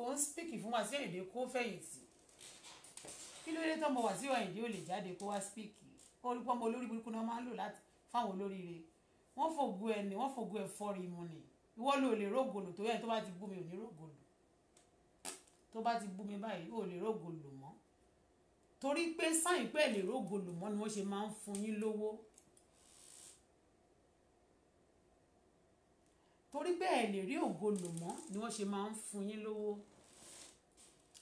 [SPEAKER 1] òun spíkì fún Wàsíù Àyìndé kó fẹ̀yìntì kí ló dé tọmọ Wàsíù Àyìndé ò lè jáde kó wá spíkì orúkọ ọmọ olórí burúkú náà máa ń lò láti fáwọn olóríire wọ́n fògùn ẹ̀ ní wọ́n fògùn ẹ̀ fọ́ọ̀rì mu ni ìwọ ló lè rógòlò tó yẹ tó bá ti bú mi ò ní rógòlò tó bá ti bú mi báyìí ò lè rógòlò mọ́ torí pé sáyìn pé lè rógòlò mọ́ ni wọ́n ṣe máa ń fún yín lówó torí bẹ́ẹ̀ lè rí ògo lò mọ́ ni wọ́n ṣe máa ń fún yín lówó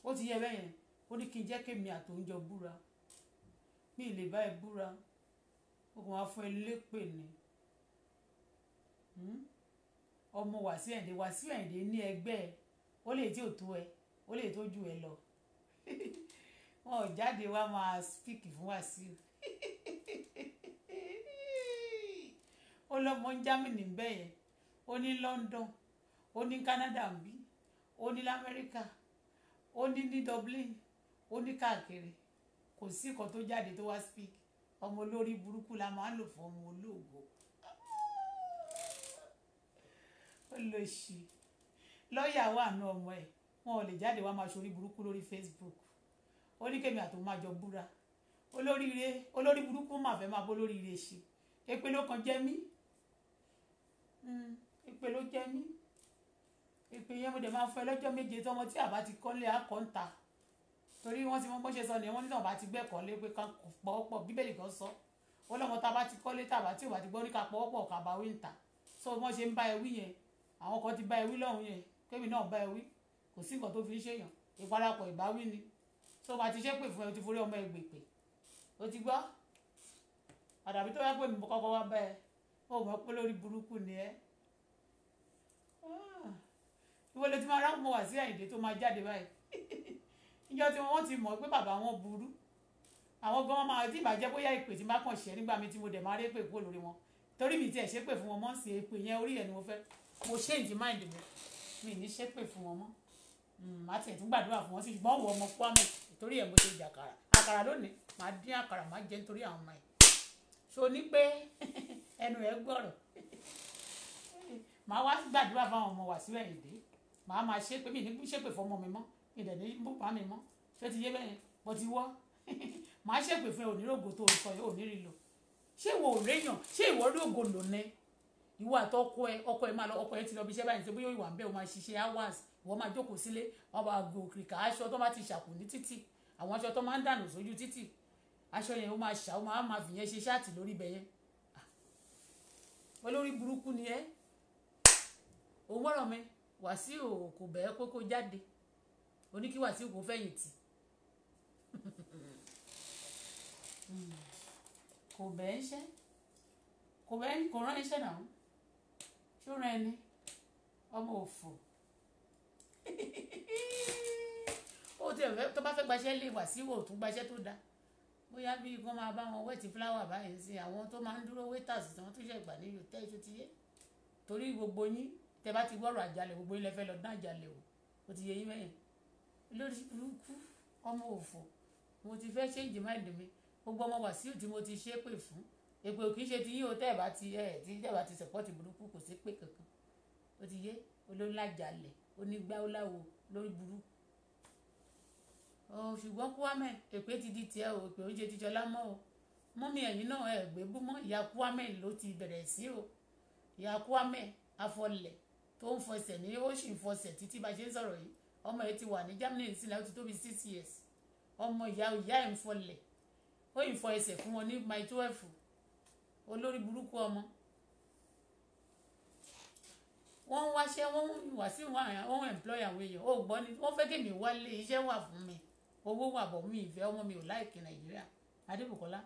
[SPEAKER 1] ó ti yẹ bẹ́yẹn ó ní kí n jẹ́ kémi àtòúnjọ búra mi ì lè bá ẹ búra ó kàn wá fún ẹ lépè ni hmm? ọmọ wàsíù ẹ̀ǹdẹ̀ wàsíù ẹ̀ǹdẹ̀ ní ẹgbẹ́ ẹ ó lè tí ò tó ẹ ó lè tó jù ẹ lọ (laughs) wọn ò jáde wá máa spíkì fún wàsíù (laughs) ó lọ́mọ ń jámìnì bẹ́yẹn ó ní London ó ní Canada ń bí ó ní lamẹ́ríkà ó ní ní Dublin ó ní káàkiri kò sí nǹkan tó jáde tó wá speak ọmọ olórí burúkú la máa ń lò fún ọmọ olóògbò ó lọ sí lọ́ọ̀yà wà ní ọmọ ẹ̀ wọn ò lè jáde wá máa ṣorí burúkú lórí Facebook ó ní kémi àtòun máa jọ búra olóríire olórí burúkú máa fẹ́ máa bó lóríire ṣe èpè ló kàn jẹ́ mí. Mm ìpè ló jẹ mí ìpè yẹn mo dẹ̀ máa fọ ẹ lọ́jọ́ méje tọmọ tí àbá ti kọ́lé akọ́ ń ta torí wọ́n ti mọ bọ́n ṣe sọ nìyẹn wọ́n ní tí wọ́n bá ti gbẹ́ kọ́lé pé ká pọ̀ọ́pọ̀ bíbélì kan sọ ó lọ́mọ tá a bá ti kọ́lé tá a bá tí ò bá ti gbọ́ ní ká pọ̀ọ́pọ̀ ká bá wí ń ta so wọ́n ṣe ń bá ẹ wí yẹn àwọn kan ti bá ẹ wí lọ́hùn yẹn kébì náà bá ẹ wí kò sí nǹkan tó fi ń ṣèyàn ìparapọ̀ ìbáwí ni tó bá ti ṣépè fún ẹ o ti forí ọmọ ẹ gbèpè o ti gbọ́ àdàbí tó wá pè mí kọ́kọ́ wá bá ẹ ó mọ̀ pé lórí burúkú ni ẹ́ Ah, ìwọ ló ti máa rákùn mọ́ wá sí àyìndé tó máa jáde báyìí (laughs) ìjọ tí wọ́n ti mọ̀ pé bàbá wọn burú àwọn gan máa tí ìbàjẹ́ bóyá ìpè tí má kàn ṣẹ́ nígbà mi tí mo dẹ̀ máa rí èpè kúrò lórí wọn torí mi tiẹ̀ ṣépè fún wọn mọ́ sí èpè yẹn orí ẹ̀ ni mo fẹ́ mo change mind mi mi ní ṣépè fún wọn mọ́ hmm, màá tiẹ̀ tún gbàdúrà fún wọn sí ṣùgbọ́n wọ ọmọ Kwame torí ẹ̀ mo ṣe jàkàrà àkàrà lónìí màá dín àkàrà màá jẹ nítorí àwọn ọmọ ẹ̀ so ní pé (laughs) ẹnu ẹ̀ gbọ́rọ̀ (laughs) màá wá gbàdúrà fáwọn ọmọ wà sílẹ̀ èdè màá máa ṣe pé mi ní ṣépè fọmọ mi mọ́ mi dẹ̀ ní bùbá mi mọ́ ṣé ti yé bẹ́yẹn mo ti wọ́ (laughs) màá ṣépè fún ẹ onírògò tó sọ yóò ní rìn lọ ṣé ìwọ ò réyàn ṣé ìwọ rí ògo lò ní ìwọ àtọkọ ẹ ọkọ ẹ máa lọ ọkọ ẹ ti lọ bí iṣẹ́ báyìí ṣe bóyá ìwà ń bẹ o máa ṣiṣẹ́ hours ìwọ máa jókòó sílé wọn bá gbò kìkà aṣọ tó bá ti ṣàkùn ní títì àwọn aṣọ tó máa ń dànù sójú títì aṣọ yẹn ó máa ṣà ó máa fìyẹn ṣe ṣáàtì lórí ibẹ̀ yẹn ah. olórí burúkú ni ẹ òwúrọ̀ mi Wàsíù kò bẹ́ẹ̀ kókó jáde oní kí Wàsíù (laughs) kò fẹ̀yìntì kò bẹ́ẹ̀ ń ṣẹ́ kò bẹ́ẹ̀ kò rán iṣẹ́ náà ṣó rán ẹni ọmọ òfò (laughs) ó ti ẹ̀fẹ́ tó bá fẹ́ gbaṣẹ́ lè Wàsíù ò tún gbaṣẹ́ tó dáa bóyá bí kò máa bá wọn wẹ́ẹ̀tì fúláwà báyìí sí àwọn tó máa ń dúró waiters tí wọ́n tún ṣe gbà ní hotel tó torí gbogbo yín tẹ bá ti gbọ́rọ̀ àjálẹ̀ gbogbo ilẹ̀ fẹ́ lọ dán àjálẹ̀ o o ti yẹ yín mẹ́yìn lórí burúkú ọmọ òfò mo ti fẹ́ ṣe ìjìmá ìdè mi gbogbo ọmọ wàsíù tí mo ti ṣe pè fún èpè kì í ṣe ti yín o tẹ́ẹ̀ bá ti ẹ̀ tí tẹ́ẹ̀ bá ti sẹ̀pọ́tì burúkú kò sí pè kankan o ti yé olólàjàlẹ̀ onígbáwóláwo lórí burúkú ṣùgbọ́n Kwame èpè ti di tiẹ̀ o èpè oúnjẹ ti jọlá mọ́ o mọ́mí ẹ̀yìn náà ẹ̀ gbé bú mọ́ ìyá Kwame ló ti bẹ̀rẹ̀ sí o ìyá Kwame afọlẹ̀ tó ń fọsẹ̀ ní ó sì ń fọsẹ̀ títí bá ṣe ń sọ̀rọ̀ yìí ọmọ yẹn ti wà ní Germany nísìnyí ó ti tó bí six years ọmọ ìyá ìyá ẹ̀ ń fọlẹ̀ ó yìn fọ ẹsẹ̀ fún wọn ní my twelve olórí burúkú ọmọ wọ́n ń wáṣẹ́ wọ́n ń wá sí wọ́n ń employ àwọn èèyàn ó gbọ́ ni wọ́n fẹ́ kí mi wálé iṣẹ́ wà fún mi owó wà bọ̀ mi ìfẹ́ ọmọ mi ò láìkí Nàìjíríà Adébùkọ́lá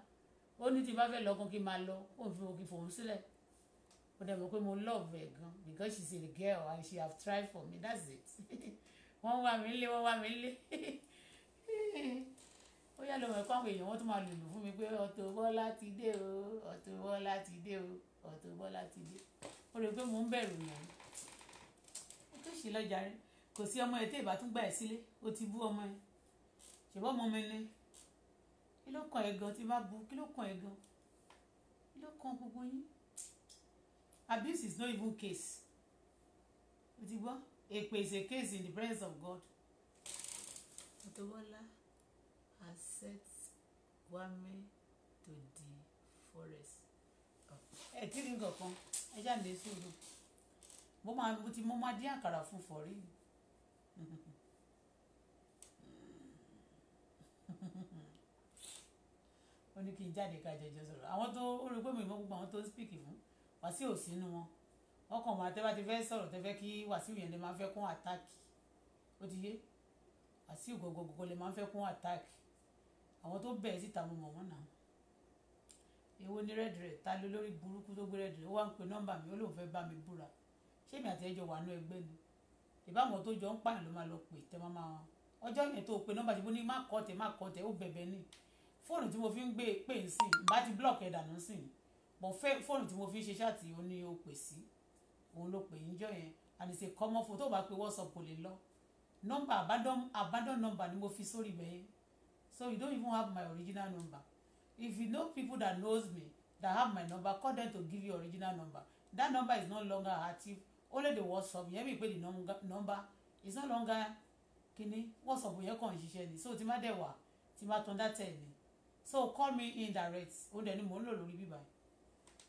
[SPEAKER 1] ó ní tí bá fẹ́ lọ́kàn kí n máa lọ òun fi òkè fòun sílẹ̀ dẹ̀ mọ̀ pé mo love ẹ̀ gan because she's a girl and she have tried for me that's it (laughs) wọ́n wá mi lé wọ́n wá mi lé (laughs) ó yá lọ́mọ ẹ̀kọ́ àwọn èèyàn wọ́n tún máa lùlù fún mi pé Auto Bola ti dé o Auto Bola ti dé o Auto Bola ti dé o rò pé mò ń bẹ̀rù yẹn o tó ṣe lọ́jà rẹ kò sí ọmọ ẹ tí ìbá tún gbà ẹ sílé o ti bú ọmọ ẹ ṣùgbọ́n ọmọ mi ni kí ló kàn ẹ gan tí bá bu kí ló kàn ẹ gan kí ló kàn gbogbo yín abuse is not even case o ti gbọ́ èpè is a case in the presence of God. Otobola has set Wame to the forest. ẹ tí ní kankan ẹ jáde sùúrù mo máa mo ti mo máa dín àkàrà fún fọrí. ó ní kí n jáde ká jẹjọ sọ̀rọ̀ àwọn tó ó rí pé mo ìmọ̀ gbogbo àwọn tó ń spíkì fún wàsíù ò sínú wọn ọkàn wọn àtẹ́wá ti fẹ́ sọ̀rọ̀ tẹ́fẹ́ kí wàsíù yẹn lè máa fẹ́ kún àtàkì ó ti yé wàsíù gọ̀gọ̀gọ̀gọ̀ lè máa fẹ́ kún àtàkì àwọn tó bẹ̀ẹ́ síta mo mọ̀ wọ́n náà èwo ni rẹ́dìrẹ́ ta ló lórí burúkú tó gbé rẹ́dìrẹ́ ó wá ń pe nọ́mbà mi ó lóun fẹ́ bá mi búra ṣé èmi àti ẹjọ́ wà nú ẹgbẹ́ ni ìbáwọn tó jọ ń pààyàn ló máa lọ pè tẹ́ máa ọjọ́ yẹn tó pe nọ́mbà tí mo ní má kọ́ tẹ̀ má kọ́ tẹ̀ ó bẹ̀bẹ̀ ni fóònù tí mo fi ń gbé pè ń sìn bá ti blọ́ọ̀kì ẹ̀dà nù sìn but fóònù tí mo fi ń ṣe ṣáàtì òun ni o pè sí òun ló pè níjọ́ yẹn and it's a common phone tó bá pe whatsapp kò lè lọ nọ́mbà àbádọ́n àbádọ́n nọ́mbà ni mo fi sórí bẹ́ẹ̀ so you don't even have my original number if you know people that knows me that have my number call them to give you original number that number is no longer active only the whatsapp yẹn mi pe the number is no longer kini whatsapp yẹn kàn ń ṣiṣẹ́ ni so tí má dẹ̀ wà tí má tán dátẹ̀ ni so call me indirect ó dẹ̀ ni mò ń lò lórí bíbáyìí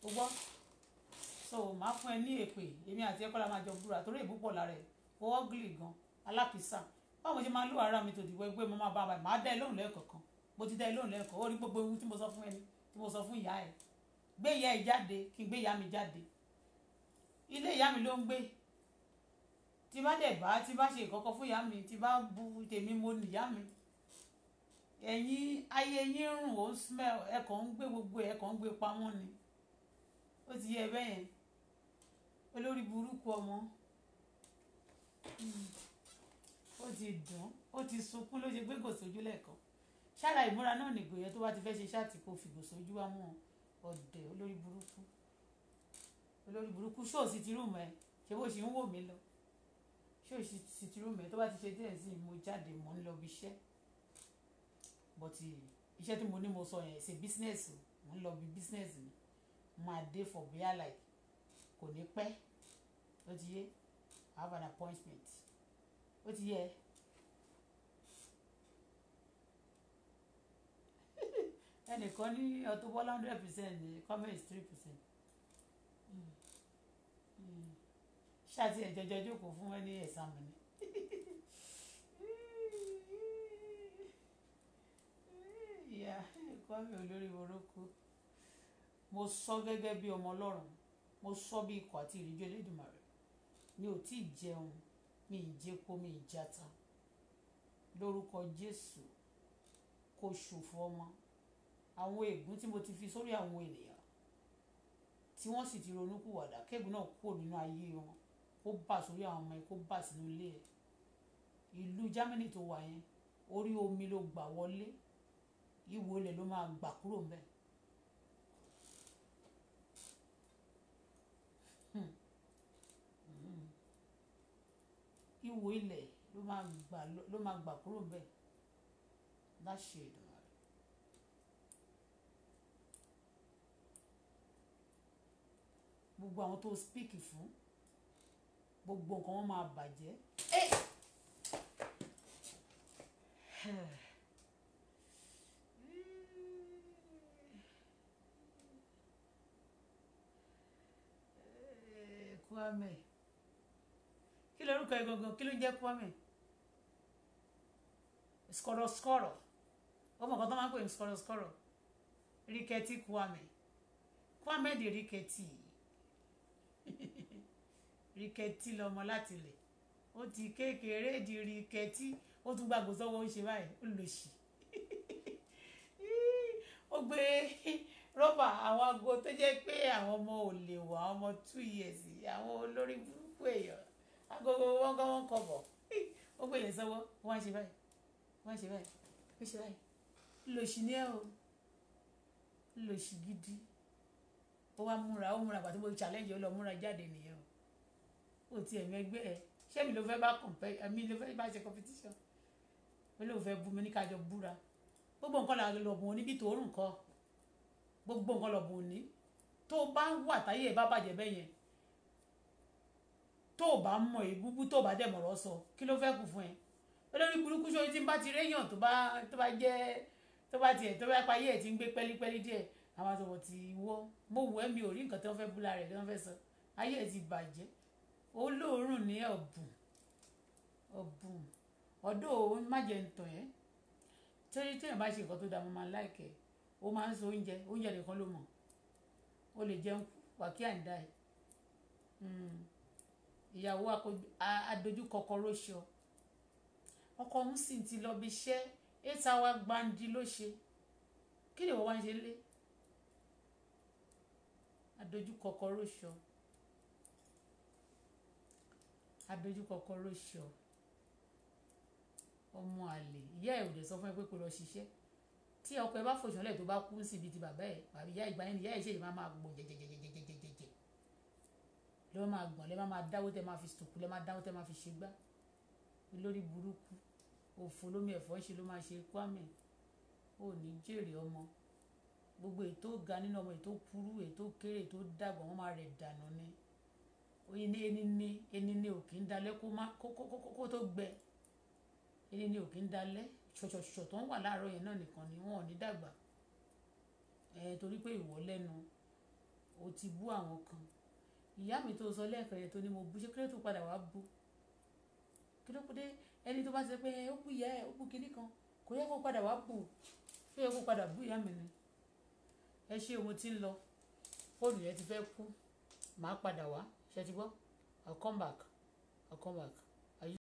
[SPEAKER 1] o gbọ́ so màá fún ẹ ní èpè èmi àti ẹ kọ́lá máa jọ búra torí ìbúpọ̀ lára ẹ̀ ó ọ́gìlì gan alákìísà báwo ṣe máa lù ara mi tòdì wẹ́gbẹ́ mo máa bá a báyìí màá dá ẹ lóhùn lẹ́ẹ̀kọ̀kan mo ti dá ẹ lóhùn lẹ́ẹ̀kọ̀ ó rí gbogbo ohun tí mo sọ fún ẹni tí mo sọ fún ìyá ẹ gbé ìyá ẹ jáde kí n gbé ìyá mi jáde ilé ìyá mi ló ń gbé tí bá dẹ̀ bá tí bá ṣe ìkọ́kọ́ fún ìyá mi tí bá bu tèmi mo nìyá mi ẹ̀yin ayé yín rùn ó smell ẹ̀kọ́ ń gbé gbogbo ẹ̀kọ́ ń gbé pamọ́ ni ó ti yẹ bẹ́yẹn olórí burúkú ọmọ hmm. ó ti dùn ó ti sunkún ló ṣe gbé gòsójú lẹ́ẹ̀kan ṣáàlà ìmúra náà nìgò yẹn tó bá ti fẹ́ ṣe ṣáàtì kó fi gòsójú wá mú ọ̀dẹ̀ olórí burúkú olórí burúkú ṣóòsì ti rúùmù ẹ ṣé bó ṣe ń wò mí lọ ṣóòsì ti ti rúùmù ẹ tó bá ti ṣe díẹ̀ sí mo jáde mo ń lọ bí iṣẹ́ bọ́tì iṣẹ́ tí mo ní mo sọ yẹn ṣe bísínẹ́sì mo ń lọ bí bísínẹ́sì mi máa dé for bíyà like kò ní pẹ́ ó ti yé I have an appointment ó ti yẹ (laughs) ẹnìkan ní Auto Bola hundred percent ní comment three percent hmm. hmm. ṣáàtì ẹ̀jọ̀jọ̀ jókòó fún ẹ ní ẹ̀sán mi ni. ìyá ẹ̀kọ́ mi ò lórí orúkọ mo sọ gẹ́gẹ́ bí ọmọ ọlọ́run mo sọ bí ikọ̀ àti ìrìnjú Elédùmarè mi ò tí ì jẹun mi ì jẹpo mi ì jata lórúkọ Jésù kò ṣòfò ọmọ àwọn ègún tí mo ti fi sórí àwọn ènìyàn tí wọ́n sì ti ronúkúwàdà kẹ́gùn náà kúrò nínú ayé wọn kó bà sórí àwọn ọmọ ẹ kó bà sínú ilé ẹ ìlú Germany tó wà yẹn orí omi ló gbà wọlé ìwò ló máa gbà kúrò ńbẹ̀ ìwò ilẹ̀ ló máa gbà ló máa gbà kúrò bẹ́ẹ̀ láṣẹ ìdùnnú rẹ̀. gbogbo àwọn tó speak fún gbogbo nǹkan wọn máa bàjẹ́. Eh! (sighs) Eh, Kwame. Hey orúkọ ẹ̀ gangan kí ló ń jẹ́ Kwame skọ̀rọ̀skọ̀rọ̀ ọmọ kan tó máa ń pè ní skọ̀rọ̀skọ̀rọ̀ Riketi Kwame Kwame di Riketi (laughs) Riketi lọmọ láti ilẹ̀ ó ti kékeré di Riketi ó tún gbàgbó sọ́wọ́ ó ń ṣe báyìí ó lè ṣì (laughs) ó gbé rọ́bà àwọn aago tó jẹ́ pé àwọn ọmọ ò lè wà ọmọ two years àwọn olórí burúkú èèyàn agogo wọn kọ́ wọn kọ́ bọ̀ ó gbé yẹn sọ́wọ́ ṣe báyìí wọ́n ṣe báyìí wọ́n ṣe báyìí lòṣì ni ẹ o lòṣì gidi ó wá múra ó múra pàtó mo challenge ó lọ múra jáde nìyẹn o ò tiẹ̀ mẹ́gbẹ́ ẹ ṣé mi ló fẹ́ bá compare ẹ̀mí ló fẹ́ bá ṣe competition ó lóun fẹ́ bú mi ní kájọ búra gbogbo nǹkan la lọ̀bùn òní bí tòórùn kan gbogbo nǹkan lọ̀bùn òní tó bá wà táyé ẹ̀ bá bàjẹ́ bẹ́yẹn tó o bá mọ ìbúbú tó o bá dẹ̀ mọ̀rọ̀ sọ kí ló fẹ́ kù fún ẹ olórí burúkú sórí tí n bá ti réyàn tó bá tó bá jẹ́ tó bá tiẹ̀ tó bá payé ẹ̀ ti ń gbé pẹ́lípẹ́lí díẹ̀ àwọn àtọ̀wọ̀ ti wọ́ mo wù ẹ́ mi ò rí nǹkan tí wọ́n fẹ́ búlá rẹ̀ tí wọ́n fẹ́ sọ ayé ẹ̀ ti bàjẹ́ olóòórùn ní ọ̀bùn ọ̀bùn ọ̀dọ́ òun má jẹ́ ń tàn ẹ́ bá ṣe nǹkan tó dáa mo máa ń so ìyàwó adójúkọkọrọ ṣọ ọkọ òun sì ti lọ bí iṣẹ́ eight hour gbandi ló ṣe kí ni wọ́n wá ń ṣe lé adójúkọkọrọ ṣọ adójúkọkọrọ ṣọ ọmọ àlè ìyá ẹ̀ ò lè sọ fún ẹ pé kó lọ ṣiṣẹ́ tí ọkọ ẹ bá fòṣàn lẹ̀ tó bá kú síbi ti bàbá ẹ̀ ìyá ìgbà yẹn ìyá ẹ̀ ṣèyí máa máa gbọ̀n jẹjẹjẹjẹjẹjẹ lẹ́ máa máa gbọ̀n lẹ́ máa máa dáwó tẹ́ máa fi sòkú lẹ́ máa dáwó tẹ́ máa fi ṣe gbá olórí burúkú òfò lómi ẹ̀fọ́ ṣe ló máa ṣe kwame ò ní jèrè ọmọ gbogbo ètò ga nínú ọmọ ètò kúrú ètò kéré ètò dàgbà wọn máa rẹ̀ dànù ni oyin ní ẹni ní ẹni ní òkè ń dalẹ̀ kó tó gbẹ ẹni òkè ń dalẹ̀ ṣọ̀ṣọ̀ṣọ̀ tó ń wà láàárọ̀ yẹn náà nìkan ni wọn ò ní dàgbà ẹ torí pé ìwọ lẹ́nu o ti bú àwọn kan ìyá mi tó sọ lẹ́ẹ̀kan yẹn tó ní mo bú ṣé kí ló tó padà wá bú kí ló dé ẹni tó bá ti sọ pé ó bú ìyá ẹ ó bú kinní kan kò yẹ kó padà wá bù ó yẹ kó padà bú ìyá mi ni ẹ ṣe òun ti ń lọ fóònù yẹn ti fẹ́ kú màá padà wá ṣe ti gbọ́ I'll come back I'll come back.